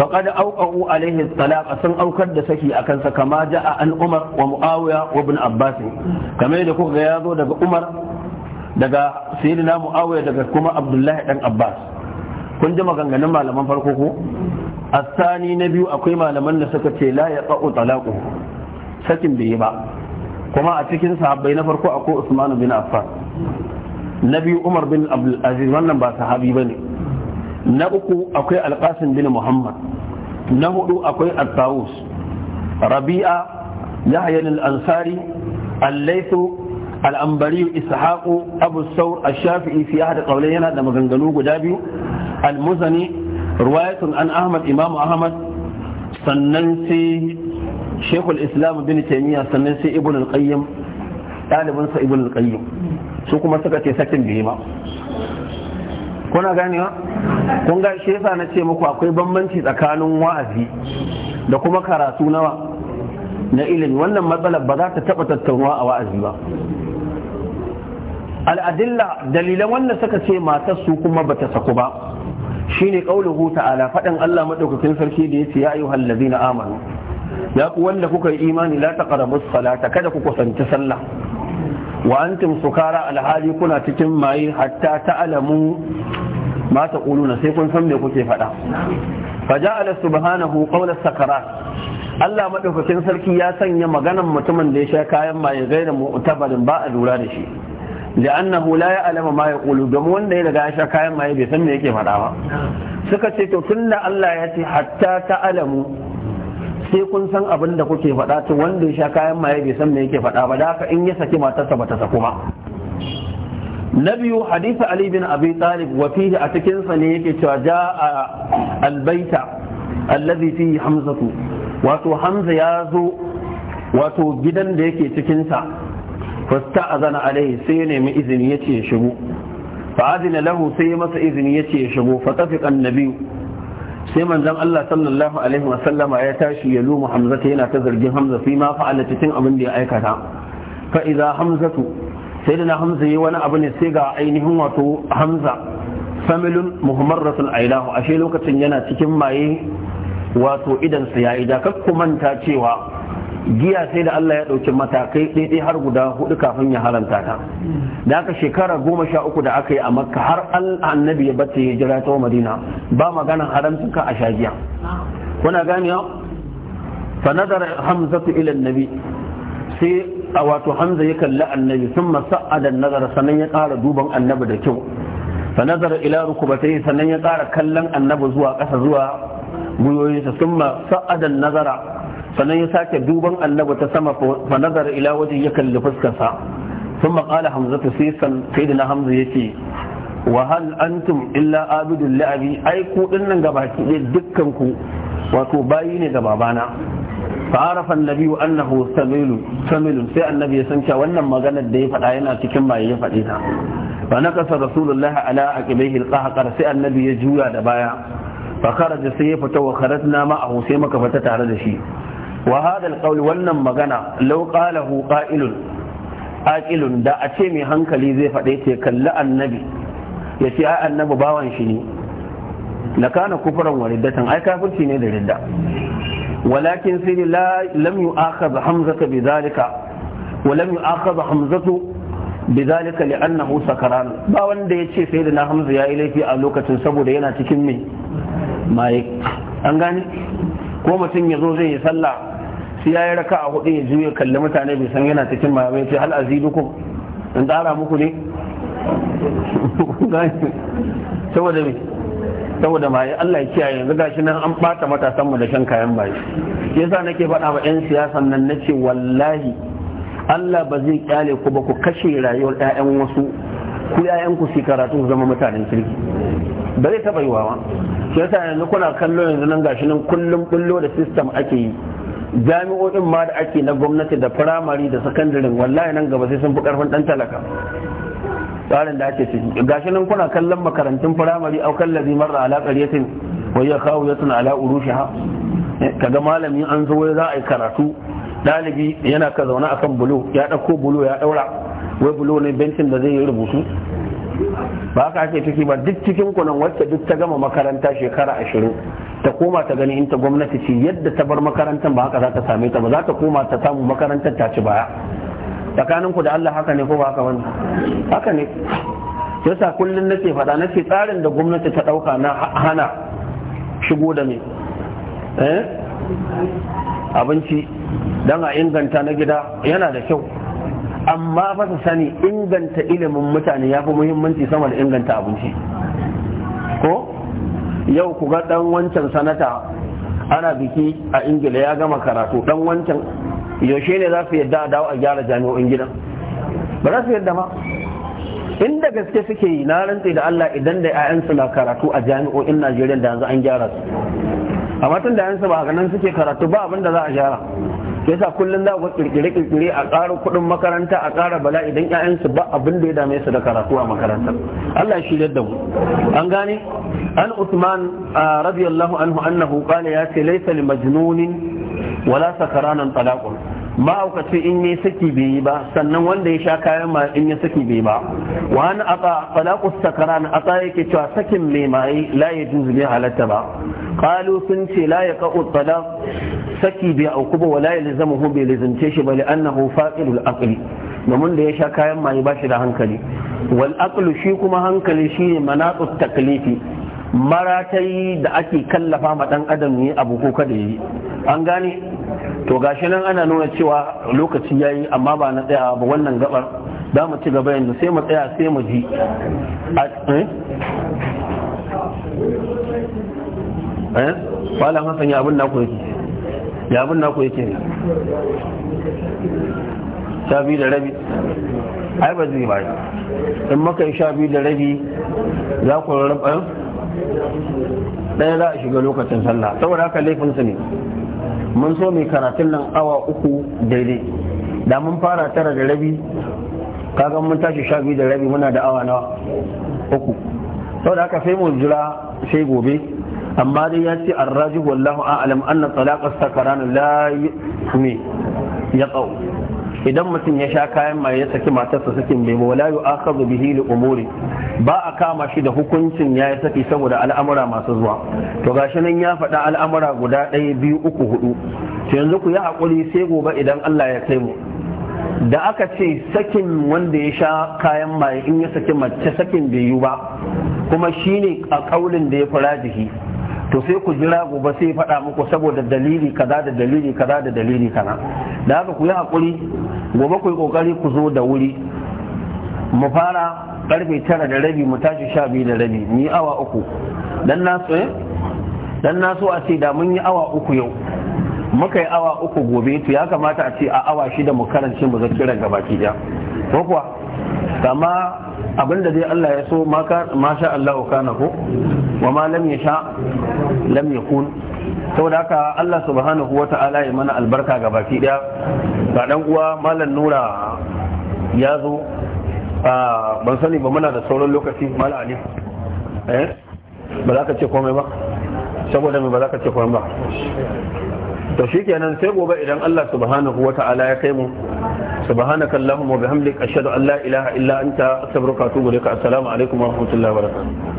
فقد أوقعوا عليه الطلاق سن أوكر دسكي أكنس كما جاء عن عمر ومعاوية وابن عباس كما يدكو غياضو دقى عمر دقى سيدنا معاوية دقى كما عبد الله بن عباس kun ji maganganun malaman farko ko asani na biyu akwai malaman da suka ce la ya tsa'u sakin bai yi ba kuma a cikin sahabbai na farko akwai Usman bin Affan na biyu Umar bin Abdul Aziz wannan ba sahabi ne. na uku akwai alƙasin bin muhammad na hudu akwai al-tawus rabi'a yahya al-ansari al-laythu al-anbari ishaq abu saur ash-shafi'i fi ahad yana da maganganu guda biyu al-muzani riwayatun an ahmad imam ahmad sannan sai shaykhul islam bin taymiya sannan sai ibn al-qayyim sa ibn al-qayyim su kuma suka ce sakin bihima kuna ganewa kun ga shi yasa na ce muku akwai bambanci tsakanin wa'azi da kuma karatu nawa na ilimi wannan matsalar ba za ta taba tattaunawa a wa'azi ba al'adilla dalilan wanda suka ce matar su kuma bata saku ba shine qauluhu ta'ala faɗin Allah madaukakin sarki da yace ya ayyuhal ladina amanu ya ku wanda kuka yi imani la taqrabus salata kada ku kusanci sallah wa antum sukara alhali kuna cikin maye hatta ta'lamu ma ta na sai kun san me kuke faɗa faja'ala subhanahu ƙaunar sakara. Allah madaukakin sarki ya sanya maganan mutumin da ya sha kayan maye gaira mu'tabarin ba a lura da shi ya alama ma ya يقول دم wanda ya daga ya sha kayan maye bai san me yake faɗa ba suka ce to tunda Allah ya ce hatta alamu, sai kun san abin da kuke faɗa to wanda ya sha kayan maye bai san me yake faɗa ba da haka in ya saki matarsa bata saku ba na biyu hadisa ali bin abi talib wafi a cikinsa ne yake cewa a albaita allazi fihi hamzatu wato hamza ya zo wato gidan da yake cikin sa fasta'azana alai sai ya nemi izini yace ya shigo fa'adina lahu sai ya masa izini yace ya shigo fa tafiqa biyu. sai manzon Allah sallallahu alaihi wa sallama ya tashi ya lumu hamzata yana ta zargin hamza fi ma fa'ala cikin abin da ya aikata Fa'iza hamzatu sai da na hamza yi wani abu ne sai ga ainihin wato hamza muhammad rasul ailahu ashe lokacin yana cikin maye wato idan su ida da kakku manta cewa giya sai da Allah ya ɗauki matakai ɗaiɗai har guda hudu kafin ya haranta ta da aka shekara goma sha uku da aka yi a makka har annabi ya bace ya jira ta madina ba maganan haramcin ka a sha giya kuna gani ya fa nazara hamzatu ila annabi sai a wato hamza ya kalli annabi sun sa'adan nazara sannan ya ƙara duban annabi da kyau fa nazara ila rukubatai sannan ya ƙara kallon annabi zuwa ƙasa zuwa guyoyinsa sun sa'adan nazara sannan ya sake duban annabi ta sama fa nazara ila waje ya kalli fuskarsa sun maƙala hamza ta sai da na hamza ya ce wa hal antum illa abidul la'abi ai ku dinnan gaba ki, dukkan ku wato bayi ne ga babana fa'arafa annabi annahu samilu samilu sai annabi ya san cewa wannan maganar da ya faɗa yana cikin maye ya faɗi ta fa nakasa rasulullahi ala aqibaihi alqahqar sai annabi ya juya da baya fa kharaja sai ya fita wa nama a sai maka fita tare da shi wa hada wannan magana law qalahu qa'ilun da ace mai hankali zai faɗe ce kalli annabi ya ce ai annabi bawan shi ne na kana kufuran wa riddatan kafin kafirci ne da ridda walakin sai ne lam yi akaza hamzata bi zalika walam yi akaza hamzatu bi zalika li annahu sakaran ba wanda ya ce sai da na hamza ya yi laifi a lokacin saboda yana cikin mai an gane ko mutum ya zo zai yi sallah sai ya yi raka a hudu ya juya kalli mutane bai san yana cikin maye bai ce in muku ne saboda ma maye Allah ya kiyaye yanzu gashi nan an bata matasan mu da shan kayan baye yasa nake faɗa wa 'yan siyasan nan na ce wallahi Allah ba zai kyale ku ba ku kashe rayuwar 'ya'yan wasu ku 'ya'yan ku su karatu zama mutanen kirki ba zai taɓa yiwa ba Ya yasa yanzu kuna kallo yanzu nan gashi nan kullum bullo da system ake yi jami'o'in ma da ake na gwamnati da firamare da sakandaren wallahi nan gaba sai sun fi karfin dan talaka tsarin da ake ciki gashi nan kuna kallon makarantun firamare au kallazi marra ala qaryatin wa ya kawo ala urushiha eh, kaga malamin an zo za a karatu dalibi yana ka a kan bulo ya dauko bulo ya ɗaura. wai bulo ne bencin da zai yi rubutu ba ka ake ciki ba duk cikin kunan wacce duk ta gama makaranta shekara ashirin ta koma ta gani in ta gwamnati ce yadda ta bar makarantar ba haka za ta same ta ba za ta koma ta samu makarantar ta ci baya tsakaninku da Allah haka ne ko ba haka wani? haka ne yasa kullum na fada faɗa ce tsarin da gwamnati ta ɗauka na hana shigo da mai eh, abinci don a inganta na gida yana da kyau amma ba su sani inganta ilimin mutane ya fi muhimmanci sama da inganta abinci ko yau ku ga ɗan wancan sanata ana biki a ingila ya gama karatu ɗan wancan yaushe ne za su yadda a dawo a gyara jami'o'in gidan ba za su yadda ba inda gaske suke yi na rantsi da Allah idan da 'ya'yansu na karatu a jami'o'in Najeriya da yanzu an gyara su amma tun da 'ya'yansu ba a nan suke karatu ba abin da za a gyara Ya sa kullum za ku kirkire-kirkire a ƙara kuɗin makaranta a ƙara bala idan 'ya'yansu ba abin da ya dame su da karatu a makarantar Allah shi da mu an gane an Usman radiyallahu anhu annahu qala ya ce laysa li majnunin wala sakaranan talaqun mahaukaci in yi saki bai yi ba sannan wanda ya sha kayan ma in ya saki bai ba wa an aka falaku na aka yake cewa sakin mai maye la ya juzu bai halatta ba qalu sun ce la ka qa'u saki bai auku ba wala ya lazamu bai lazimce shi ba li'annahu faqidul aqli domin da ya sha kayan maye ba shi da hankali wal aqlu shi kuma hankali shine manaqut taklifi maratai da ake kallafa ma dan adam ne abu ko kada yi an gane to gashi nan ana nuna cewa lokaci ya yi amma ba na tsaya ba wannan gabar za mu ci gaba yanzu sai mu tsaya sai mu ji eh? eh Malam Hassan ya abin naku yake ya abin naku yake ne sha biyu da rabi ai ba zai bayi in maka yi sha biyu da rabi za ku rarraba eh? ɗaya za a shiga lokacin sallah saboda haka su ne mun so mai karatun nan awa uku daidai da mun fara tara da rabi kaga mun tashi sha biyu da rabi muna da awa na uku saboda haka sai mu jira sai gobe amma dai ya ce raji wallahu a'lam annan tsalaƙar sakaran la ya qau idan mutum ya sha kayan maye ya saki matarsa sakin bai wala yu akhadhu bihi li umuri ba a kama shi da hukuncin ya yi saki saboda al'amura masu zuwa to gashi nan ya faɗa al'amura guda ɗaya biyu uku hudu to yanzu ku yi hakuri sai gobe idan Allah ya kai mu da aka ce sakin wanda ya sha kayan maye in ya saki mace sakin bai yi ba kuma shine a kaulin da ya fara jiki to sai ku jira gobe sai faɗa muku saboda dalili kaza da dalili kaza da dalili kana da haka ku yi hakuri gobe ku yi ƙoƙari ku zo da wuri mu fara karfe tara da rabi mu tashi sha biyu da rabi mu yi awa uku dan na eh? dan na a ce da mun yi awa uku yau muka yi awa uku gobe to ya kamata a ce a awa shida mu karance mu zakiran gabaki ɗaya ko kuwa kama abinda dai Allah ya so ma sha Allah kana ko wa ma lam yasha lam yakun saboda haka Allah subhanahu wa ta'ala ya mana albarka gabaki ɗaya ga dan uwa malam nura ya zo ban sani ba muna da sauran lokaci malam ali eh ba za ka ce komai ba saboda me ba za ka ce komai ba to shikenan sai gobe idan Allah subhanahu wata'ala ya kai mu subhanaka allahumma wa bihamdika ashhadu an la ilaha illa anta astaghfiruka wa atubu ilaik assalamu alaikum wa rahmatullahi wa barakatuh